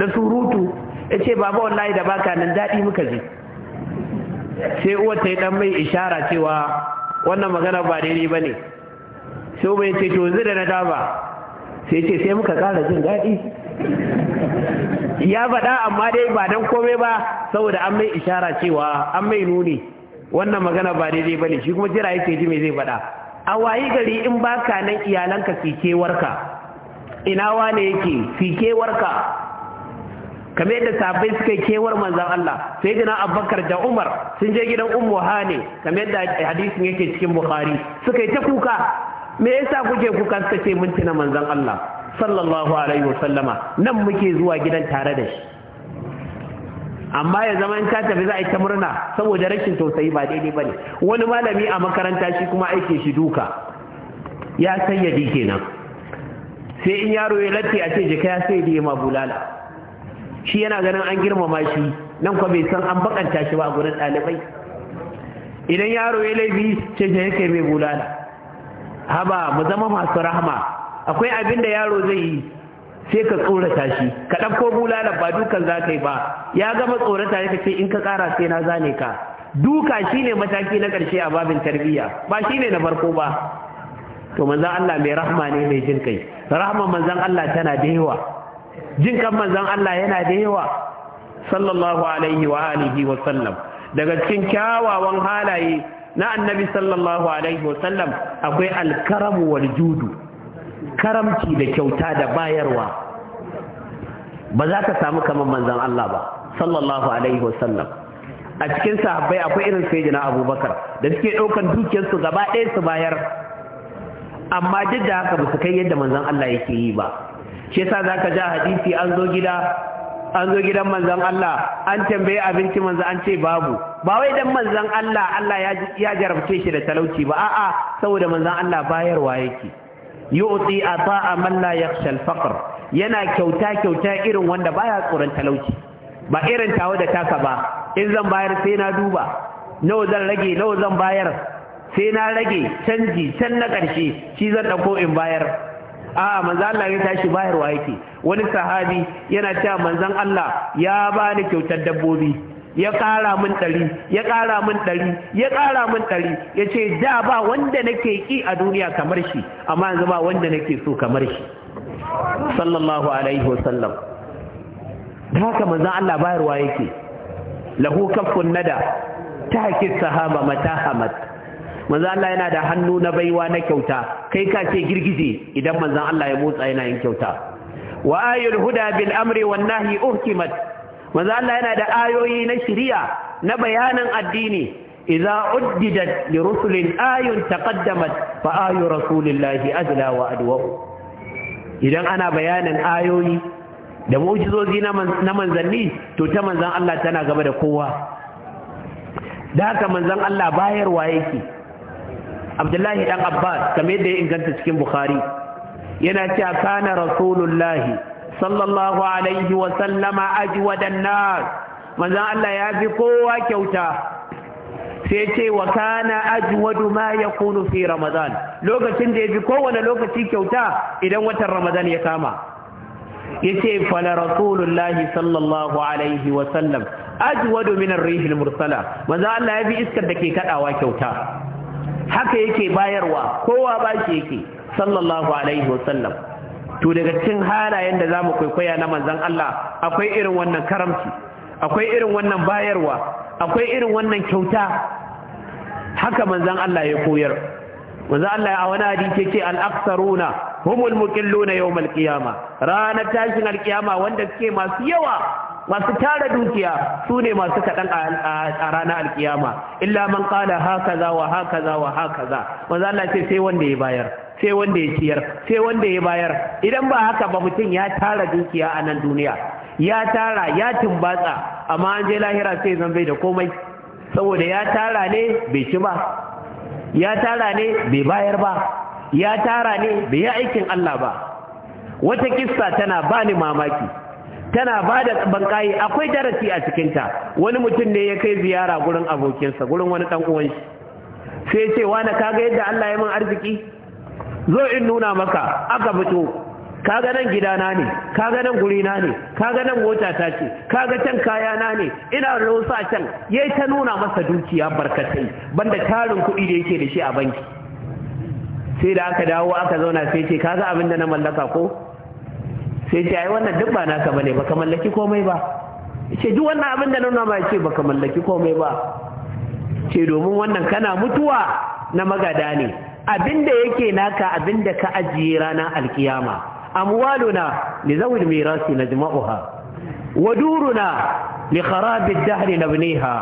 da surutu ya ce baba wallahi da baka nan daɗi muka ji sai uwar ta yi ɗan mai ishara cewa wannan magana ba daidai ba ne sai uba ya ce to yanzu na daba sai ce sai muka ƙara jin daɗi ya faɗa amma dai ba don komai ba saboda an mai ishara cewa an mai nuni wannan magana ba daidai ba ne shi kuma jira yake ji mai zai faɗa a wayi gari in baka nan iyalanka ka, ina wane yake fikewarka kame da sabai suka yi kewar manzan Allah sai gina abubakar da umar sun je gidan Umar hane kame da hadisin yake cikin bukhari suka yi ta kuka me yasa kuke kuka suka ce mun manzan Allah sallallahu alaihi wasallama nan muke zuwa gidan tare da shi amma ya zama in ta tafi za a yi ta murna saboda rashin tausayi ba daidai ba ne. wani malami a makaranta shi kuma aike shi duka ya sayyadi kenan sai in yaro ya latti a ce jika ya sayyadi ma bulala shi yana ganin an girmama shi nan kwa bai san an bakanta shi ba a gurin ɗalibai idan yaro ya laifi ce ya yake mai bulala haba mu zama masu rahama akwai abin da yaro zai yi sai ka tsorata shi ka ɗauko bulala ba dukan za ka yi ba ya gama tsorata ya ce in ka ƙara sai na zane ka duka shine mataki na ƙarshe a babin tarbiyya ba shine na farko ba to manzan Allah mai rahma ne mai jin kai rahman manzan Allah tana da yawa jin kan manzan Allah yana da yawa sallallahu alaihi wa alihi wa sallam daga cikin kyawawan halaye na annabi sallallahu alaihi wa sallam akwai alkaramu wal judu karamci da kyauta da bayarwa ba za ka samu kamar manzan Allah ba sallallahu alaihi wasallam a cikin sahabbai akwai irin na abubakar da suke ɗaukan dukiyarsu gaba ɗaya su bayar amma duk da haka ba su kai yadda manzan Allah yake yi ba shi yasa za ka ja hadisi an zo gida an zo gidan manzan Allah an tambaye abinci manzan an ce babu ba wai dan manzan Allah Allah ya jarabce shi da talauci ba a'a saboda manzan Allah bayarwa yake yu'ti ata'a a la yakhsha faqr yana kyauta kyauta irin wanda baya tsoron talauci ba irin tawo da taka ba in zan bayar sai na duba nawa zan rage nawa zan bayar sai na rage canji can na ƙarshe shi zan ɗauko in bayar a'a manzan Allah ya tashi bayarwa yake wani sahabi yana cewa manzan Allah ya bani kyautar dabbobi ya ƙara min ɗari ya ƙara min ɗari ya ƙara min ɗari ya ce da ba wanda nake ƙi a duniya kamar shi amma yanzu ba wanda nake so kamar shi sallallahu alaihi wasallam da haka manzan Allah bayarwa yake lahu kaffun nada ta haƙi sahaba mata hamad manzan Allah yana da hannu na baiwa na kyauta kai ka ce girgije idan manzan Allah ya motsa yana yin kyauta wa ayul huda bil amri wan nahyi uhkimat manzo Allah yana da ayoyi na shiriya na bayanan addini idza uddidat li rusulin ayun taqaddamat fa ayu rasulillahi azla wa adwa idan ana bayanin ayoyi da mu'jizozi na manzanni to ta manzan Allah tana gaba da kowa da haka manzon Allah bayarwa yake Abdullahi dan Abbas kamar yadda ya inganta cikin Bukhari yana cewa kana rasulullahi sallallahu alaihi wa sallama ajwadan nas manzon Allah ya fi kowa kyauta sai ce wa kana ajwadu ma yakunu fi ramadan lokacin da ya fi kowane lokaci kyauta idan watan ramadan ya kama yace fala rasulullahi sallallahu alaihi wa sallam ajwadu min ar-rihil mursala manzo Allah ya bi iskar ke kadawa kyauta haka yake bayarwa kowa ba shi yake sallallahu alaihi wa sallam to daga cikin halayen da zamu kwaikwaya na manzon Allah akwai irin wannan karamci akwai irin wannan bayarwa akwai irin wannan kyauta haka manzon Allah ya koyar manzon Allah a wani hadisi yake al-aktharuna humul muqilluna yawm al-qiyama ranar tashin al-qiyama wanda suke masu yawa masu tara dukiya su ne masu kaɗan a ranar alkiyama illa man ƙala haka za wa haka za wa haka za Allah ce sai wanda ya bayar sai wanda ya ciyar sai wanda ya bayar idan ba haka ba mutum ya tara dukiya a nan duniya ya tara ya tumbatsa amma an je lahira sai zan bai da komai saboda ya tara ne bai ci ba ya tara ne bai bayar ba ya tara ne bai yi aikin Allah ba wata kissa tana ba ni mamaki tana ba da bankayi akwai darasi a cikinta wani mutum ne ya kai ziyara gurin abokinsa gurin wani dan uwan shi sai ce wani kaga yadda Allah ya min arziki zo in nuna maka aka fito kaga nan gidana ne kaga nan gurina ne kaga nan mota ta ce kaga can kayana ne ina rosa can yayi ta nuna masa dukiya barkatai banda tarin kuɗi da yake da shi a banki sai da aka dawo aka zauna sai ce kaga abin da na mallaka ko sai ce ai wannan duk ba naka bane baka mallaki komai ba ce duk wannan abin da nuna ba ce baka mallaki komai ba ce domin wannan kana mutuwa na magada ne Abin da yake naka abin da ka ajiye ranar alkiyama amwaluna li zawil mirasi najma'uha wa duruna li kharabi dahri nabniha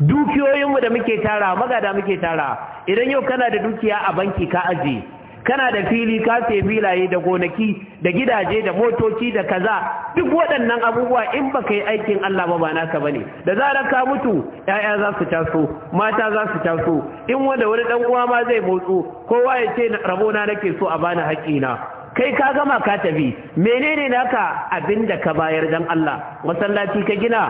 dukiyoyinmu da muke tara magada muke tara idan yau kana da dukiya a banki ka ajiye kana da fili ka sai filaye da gonaki da gidaje da motoci da kaza duk waɗannan abubuwa in baka yi aikin Allah ba ba naka bane da zarar ka mutu yaya za su taso mata za su taso in wanda wani dan uwa ma zai motsu kowa ya ce rabo na nake so a bani haƙina kai ka gama ka tafi menene naka abin da ka bayar dan Allah masallaci ka gina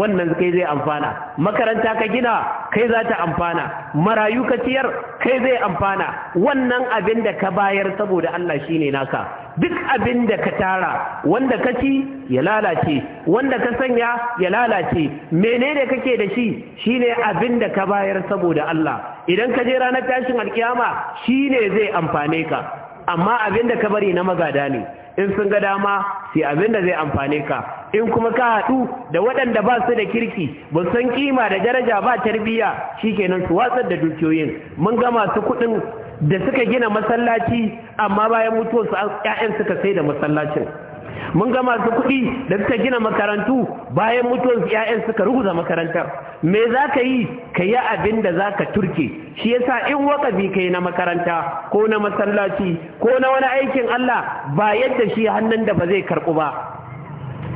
wannan kai zai amfana makaranta ka gina kai za ta amfana marayu ka ciyar kai zai amfana wannan abin da ka bayar saboda Allah shine naka duk abin da ka tara wanda ka ci ya lalace wanda ka sanya ya lalace menene kake da shi shine abin da ka bayar saboda Allah idan ka je ranar tashin alkiyama shine zai amfane ka amma abin da ka bari na magada ne in sun ga dama sai abin da zai amfane ka in kuma ka hadu da waɗanda ba su da kirki ba san kima da daraja ba tarbiyya shikenan su watsar da dukiyoyin mun ga masu kuɗin da suka gina masallaci amma bayan mutuwarsu 'ya'yan suka sai da masallacin mun ga masu kuɗi da suka gina makarantu bayan mutuwar ƴaƴan suka ruguza makarantar me za ka yi ka yi abin da za ka turke shi yasa in wakafi ka yi na makaranta ko na masallaci ko na wani aikin Allah ba yadda shi hannun da ba zai karɓu ba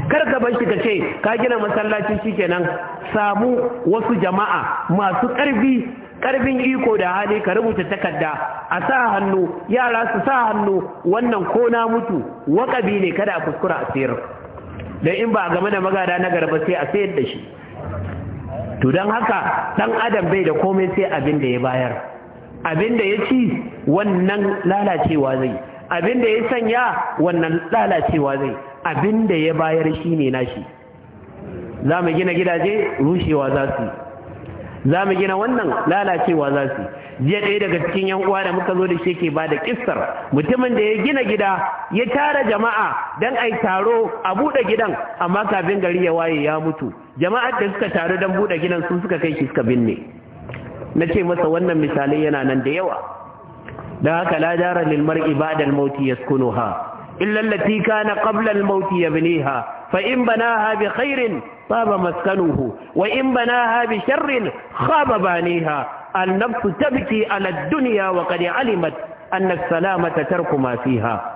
kar ka bar shi ka ce ka gina masallaci shikenan samu wasu jama'a masu ƙarfi Ƙarfin iko da hali ka rubuta takarda a sa hannu yara su sa hannu wannan ko na mutu waƙabi ne kada a kuskura a sayar da in ba a game da magada na garba sai a sayar da shi to don haka ɗan adam bai da komai sai abin da ya bayar abin da ya ci wannan lalacewa zai abin da ya sanya wannan lalacewa zai abin da ya bayar shi shine nashi za mu gina gidaje rushewa za su yi za mu gina wannan lalacewa za su jiya ɗaya daga cikin yan uwa da muka zo da shi ke ba da kissar mutumin da ya gina gida ya tara jama'a don a taro a buɗe gidan amma kafin gari ya waye ya mutu jama'ar da suka taru don buɗe gidan su suka kai shi suka binne na ce masa wannan misalai yana nan da yawa Da haka la jara lil mar'i ba'da mauti yaskunuha إلا التي كان قبل الموت يبنيها فإن بناها بخير طاب مسكنه وإن بناها بشر خاب بانيها النفس تبكي على الدنيا وقد علمت أن السلامة ترك ما فيها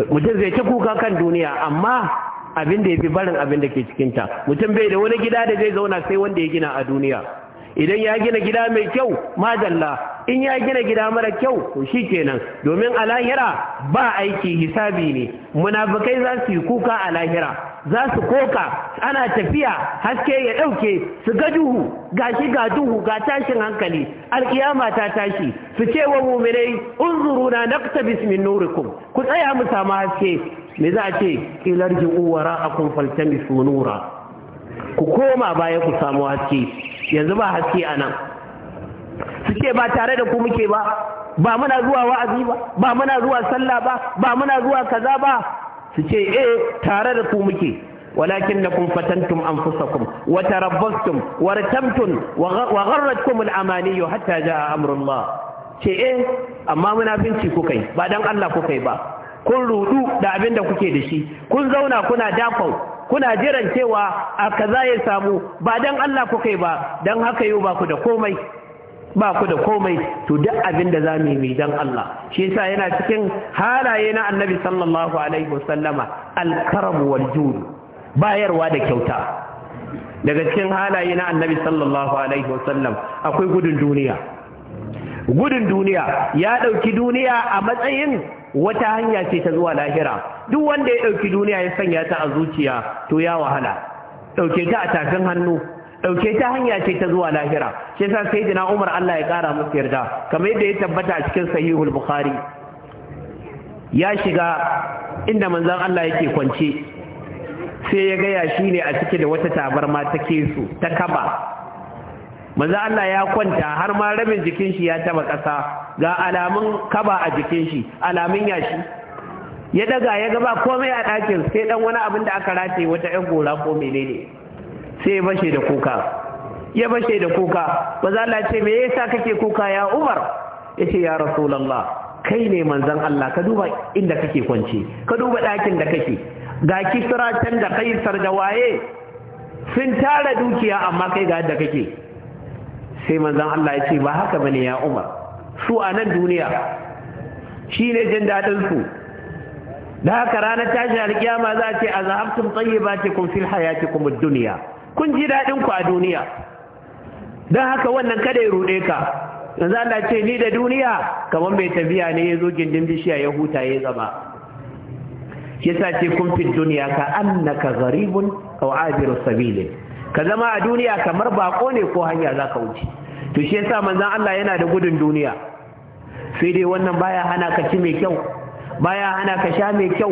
mutum zai ta kuka kan duniya amma abin da ya fi barin abin da ke cikinta mutum bai da wani gida da zai zauna sai wanda ya gina a duniya idan ya gina gida mai kyau madalla in ya gina gida mara kyau to kenan domin a lahira ba aiki hisabi ne munafikai za su yi kuka a lahira za su koka ana tafiya haske ya ɗauke su ga duhu ga shi ga duhu ga tashin hankali alkiyama ta tashi su ce wa muminai unzuruna naqtabis min nurikum ku tsaya mu samu haske me za a ce ilarji uwara akun faltamisu nura ku koma baya ku samu haske yanzu ba haske a nan ce ba tare da ku muke ba ba muna zuwa wa'azi ba ba muna zuwa sallah ba ba muna zuwa kaza ba Su ce eh tare da ku muke walakin na kun fatantum an fusa kun wata rabbastum wata tamtun wa garrat kun amani yau hatta ja a amurullah ce eh amma muna binci kukai ba dan allah kukai ba kun rudu da abin da kuke da shi kun zauna kuna dakon kuna jiran cewa a kaza ya samu ba dan Allah ku kai ba dan haka yau ba ku da komai ba ku da komai to duk abin da za mu yi dan Allah shi yasa yana cikin halaye na Annabi sallallahu alaihi wasallama al-karam wal jud bayarwa da kyauta daga cikin halaye na Annabi sallallahu alaihi wasallam akwai gudun duniya gudun duniya ya dauki duniya a matsayin wata hanya ce ta zuwa lahira duk wanda ya ɗauki duniya ya sanya ta a zuciya to ya wahala ɗauke ta a tafin hannu ɗauke ta hanya ce ta zuwa lahira shi yasa sai jina umar allah ya kara musu yarda kamar yadda ya tabbata a cikin sahihul bukhari ya shiga inda manzon allah yake kwance sai ya gaya shi ne a cike da wata tabarma ta su ta kaba manzo Allah ya kwanta har ma rabin jikin shi ya taba ƙasa ga alamun kaba a jikin shi alamun yashi ya daga ya gaba komai a ɗakin sai dan wani abin da aka rataye wata ƴan gora ko menene sai ya bashe da kuka ya bashe da kuka manzo Allah ce me yasa kake kuka ya Umar ce ya Rasulullah kai ne manzon Allah ka duba inda kake kwance ka duba ɗakin da kake ga kisra can da kaisar da waye sun tara dukiya amma kai ga yadda kake sai manzan Allah ya ce ba haka ba ne ya Umar su a nan duniya shi ne jin daɗinsu da haka ranar tashi alkiyama za a ce a ce kun fil hayatikum kuma duniya kun ji daɗin ku a duniya don haka wannan kada ya ruɗe ka yanzu Allah ce ni da duniya kamar mai tafiya ne ya zo gindin bishiya ya huta ya zama yasa ce kun fi duniya ka annaka gharibun aw abiru sabilin ka zama a duniya kamar bako ne ko hanya za ka wuce to shi yasa manzon Allah yana da gudun duniya sai dai wannan baya hana ka ci mai kyau baya hana ka sha mai kyau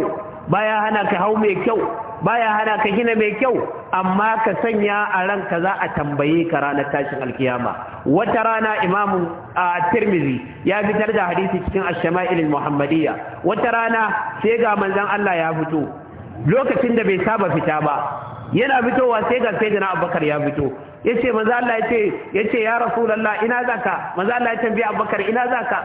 baya hana ka hau mai kyau baya hana ka gina mai kyau amma ka sanya a ranka za a tambaye ka ranar tashin alkiyama wata rana imam a tirmizi ya fitar da hadisi cikin ashama'il muhammadiyya wata rana sai ga manzon Allah ya fito lokacin da bai saba fita ba yana fitowa sai ga sai jana abubakar ya fito ya ce maza Allah ya ce ya ce ya rasulallah ina za ka maza Allah ya tambaya abubakar ina za ka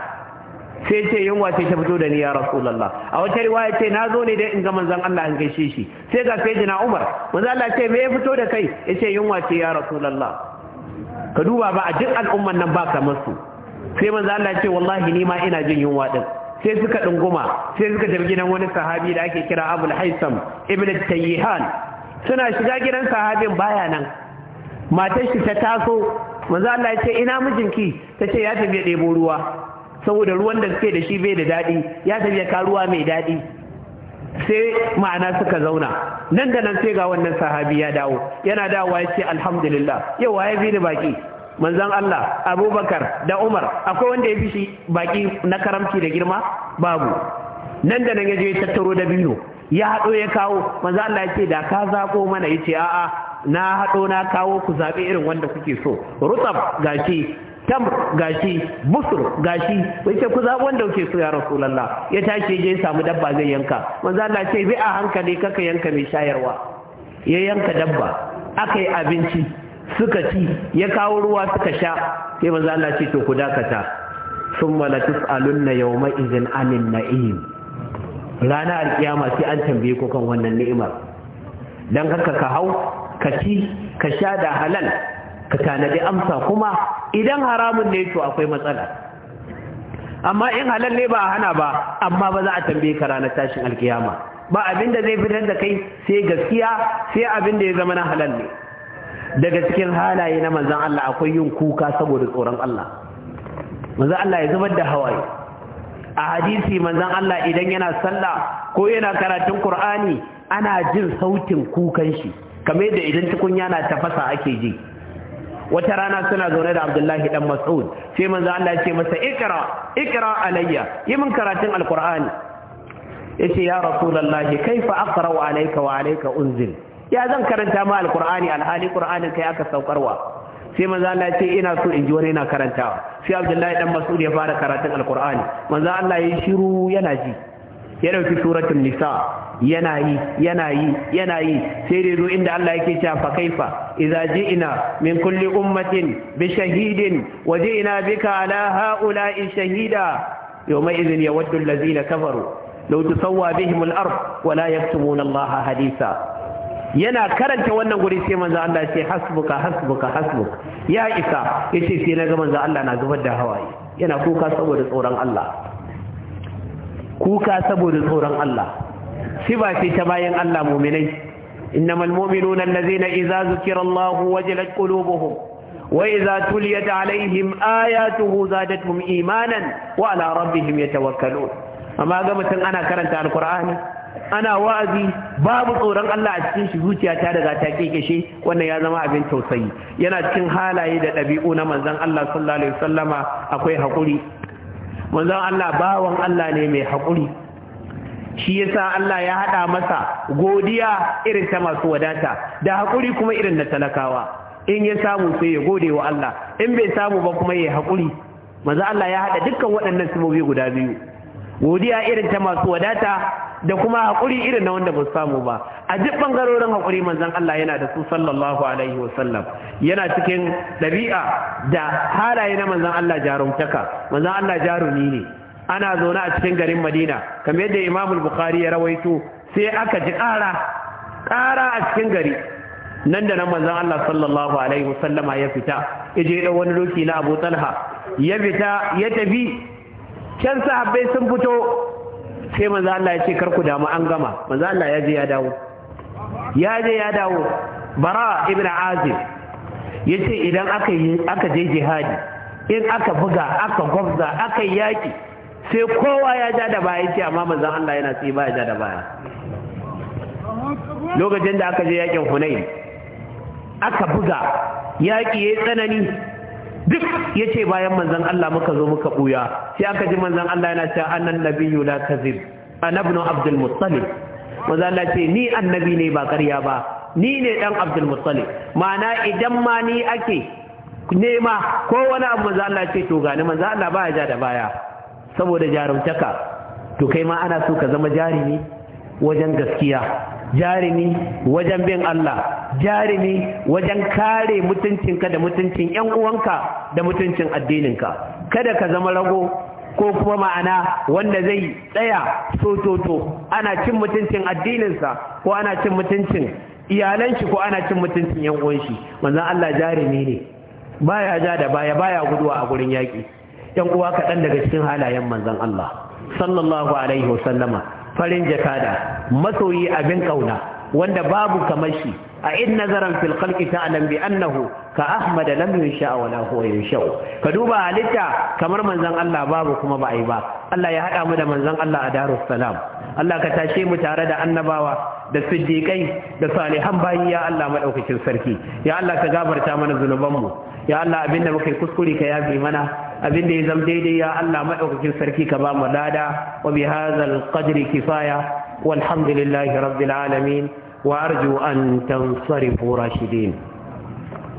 sai ce yunwa ce ta fito da ni ya rasulallah a wata riwaya ce na zo ne dai in ga manzan Allah in gaishe shi sai ga sai jana umar maza Allah ya ce me ya fito da kai ya ce yunwa ce ya rasulallah ka duba ba a duk al'umman nan ba kamar su sai manzo Allah ya ce wallahi ni ma ina jin yunwa din sai suka ɗunguma sai suka tafi gidan wani sahabi da ake kira abul haisam ibn tayyihan suna shiga gidan sahabin baya nan matar shi ta taso manzo Allah ya ce ina mijinki ta ce ya tafi ɗebo ruwa saboda ruwan da suke da shi bai da daɗi ya tafi ya ruwa mai daɗi sai ma'ana suka zauna nan da nan sai ga wannan sahabi ya dawo yana dawowa ya ce alhamdulillah yau ya bi ni baki manzon Allah Abubakar da Umar akwai wanda ya fi shi baki na karamci da girma babu nan da nan ya je tattaro da biyu ya haɗo ya kawo manzo Allah yake da ka zaƙo mana ya ce a'a na haɗo na kawo ku zaɓi irin wanda kuke so rutab gashi tamr gashi busur gashi ya ce ku zaɓi wanda kuke so ya rasulullah ya tashi je samu dabba zai yanka manzo Allah ce bi a hankali kaka yanka mai shayarwa ya yanka dabba aka yi abinci suka ci ya kawo ruwa suka sha sai manzo Allah ce to ku dakata summa malatu tus'alunna yawma idhin anin na'im rana alkiyama sai an tambaye ku kan wannan ni'imar dan haka ka hau ka ci ka sha da halal ka tanadi amsa kuma idan haramun ne to akwai matsala amma in halal ne ba hana ba amma ba za a tambaye ka ranar tashin alkiyama ba abinda zai fitar da kai sai gaskiya sai abinda ya zama na halal ne daga cikin halaye na manzon Allah akwai yin kuka saboda tsoron Allah manzon Allah ya zubar da hawaye a hadisi manzan Allah idan yana sallah ko yana karatun Kur'ani, ana jin sautin kukan shi kamar idan tukunya na tafasa ake ji wata rana suna zaune da Abdullahi dan Mas'ud sai manzan Allah ya ce masa ikra ikra alayya yi min karatun alqur'ani yace ya rasulullahi kaifa aqra'u alayka wa alayka unzil ya zan karanta ma alqur'ani alhali qur'anin kai aka saukarwa sai manzo Allah ya ce ina so in ji wani yana karantawa sai Abdullahi dan Mas'ud ya fara karatun Alqur'ani manzo Allah ya shiru yana ji ya dauki suratul nisa yana yi yana yi yana yi sai dai zo inda Allah yake cewa fa kaifa idza ji'na min kulli ummatin bi shahidin wa ji'na bika ala ha'ula'i shahida yawma idhin yawaddu allazina kafaru law tusawwa bihim al-ard wa la yaktumuna Allah haditha yana karanta wannan guri sai manzo Allah ya ce hasbuka hasbuka hasbuk ya isa yace sai naga manzo Allah na zubar da hawaye yana kuka saboda tsoron Allah kuka saboda tsoron Allah siba ce ta bayan Allah mu'minai innamal mu'minuna allazina idza zukirallahu Allah wajilat qulubuhum wa idza tuliyat alaihim ayatuhu zadatuhum imanan wa ala rabbihim yatawakkalun amma ga mutum ana karanta alqur'ani ana wa'azi babu tsoron Allah a cikin shi zuciyata daga ta kekeshe wannan ya zama abin tausayi yana cikin halaye da ɗabi'u na manzan Allah sallallahu alaihi wasallama akwai haƙuri manzon Allah bawan Allah ne mai haƙuri shi yasa Allah ya haɗa masa godiya irin ta masu wadata da haƙuri kuma irin na talakawa in ya samu sai ya gode wa Allah in bai samu ba kuma ya haƙuri manzon Allah ya haɗa dukkan waɗannan sibobi guda biyu godiya irin ta masu wadata da kuma haƙuri irin na wanda ba samu ba a duk ɓangarorin haƙuri manzan Allah yana da su sallallahu alaihi wasallam yana cikin ɗabi'a da halaye na manzan Allah jarumtaka manzan Allah jarumi ne ana zaune a cikin garin Madina kamar yadda imamul Bukhari ya rawaito sai aka ji ƙara ƙara a cikin gari nan da nan manzan Allah sallallahu alaihi wasallama ya fita ya je wani doki na Abu Talha ya fita ya tafi can sahabbai sun fito sai manzo Allah ya ce kar ku damu an gama manzo Allah ya je ya dawo ya je ya dawo bara ibn azib yace idan aka yi aka je jihadi in aka buga aka gwabza aka yaki sai kowa ya ja da baya yace amma manzo Allah yana sai ba ya ja da baya lokacin da aka je yakin hunain aka buga yaki yayi tsanani duk ya ce bayan manzan Allah muka zo muka buya sai aka ji manzan Allah yana cewa annan nabi yula kazib anabnu abdul muttalib manzan Allah ce ni annabi ne ba ƙarya ba ni ne dan abdul muttalib ma'ana idan ma ni ake nema ko wani abu manzan Allah ce to gani manzan Allah ba ya ja da baya saboda jarumtaka to kai ma ana so ka zama jarumi wajen gaskiya jarumi wajen bin Allah jarumi wajen kare mutuncinka da mutuncin ‘yan uwanka da mutuncin addininka kada ka zama rago ko kuma ma'ana wanda zai tsaya sototo ana cin mutuncin addininsa ko ana cin mutuncin iyalanshi ko ana cin mutuncin ‘yan uwanshi manzan Allah jarumi ne baya ja da baya baya guduwa a gurin yaƙi ‘yan uwa kaɗan daga cikin halayen manzan Allah sallallahu alaihi wasallama farin jakada masoyi abin kauna wanda babu kamar shi a in nazaran fil khalqi ta'lam bi annahu ka ahmad lam yunsha wa la huwa yunsha ka duba halitta kamar manzon Allah babu kuma ba ai ba Allah ya hada mu da manzon Allah a Darus Salam Allah ka tashe mu tare da annabawa da Siddikai da salihan bayi ya Allah madaukakin sarki ya Allah ka gabarta mana zulubanmu. ya Allah abinda muka yi kuskure ka yafe mana abinda ya zama daidai ya Allah madaukakin sarki ka ba mu lada wa bi hadzal qadri kifaya walhamdulillahi rabbil alamin wa arju an tansarifu rashidin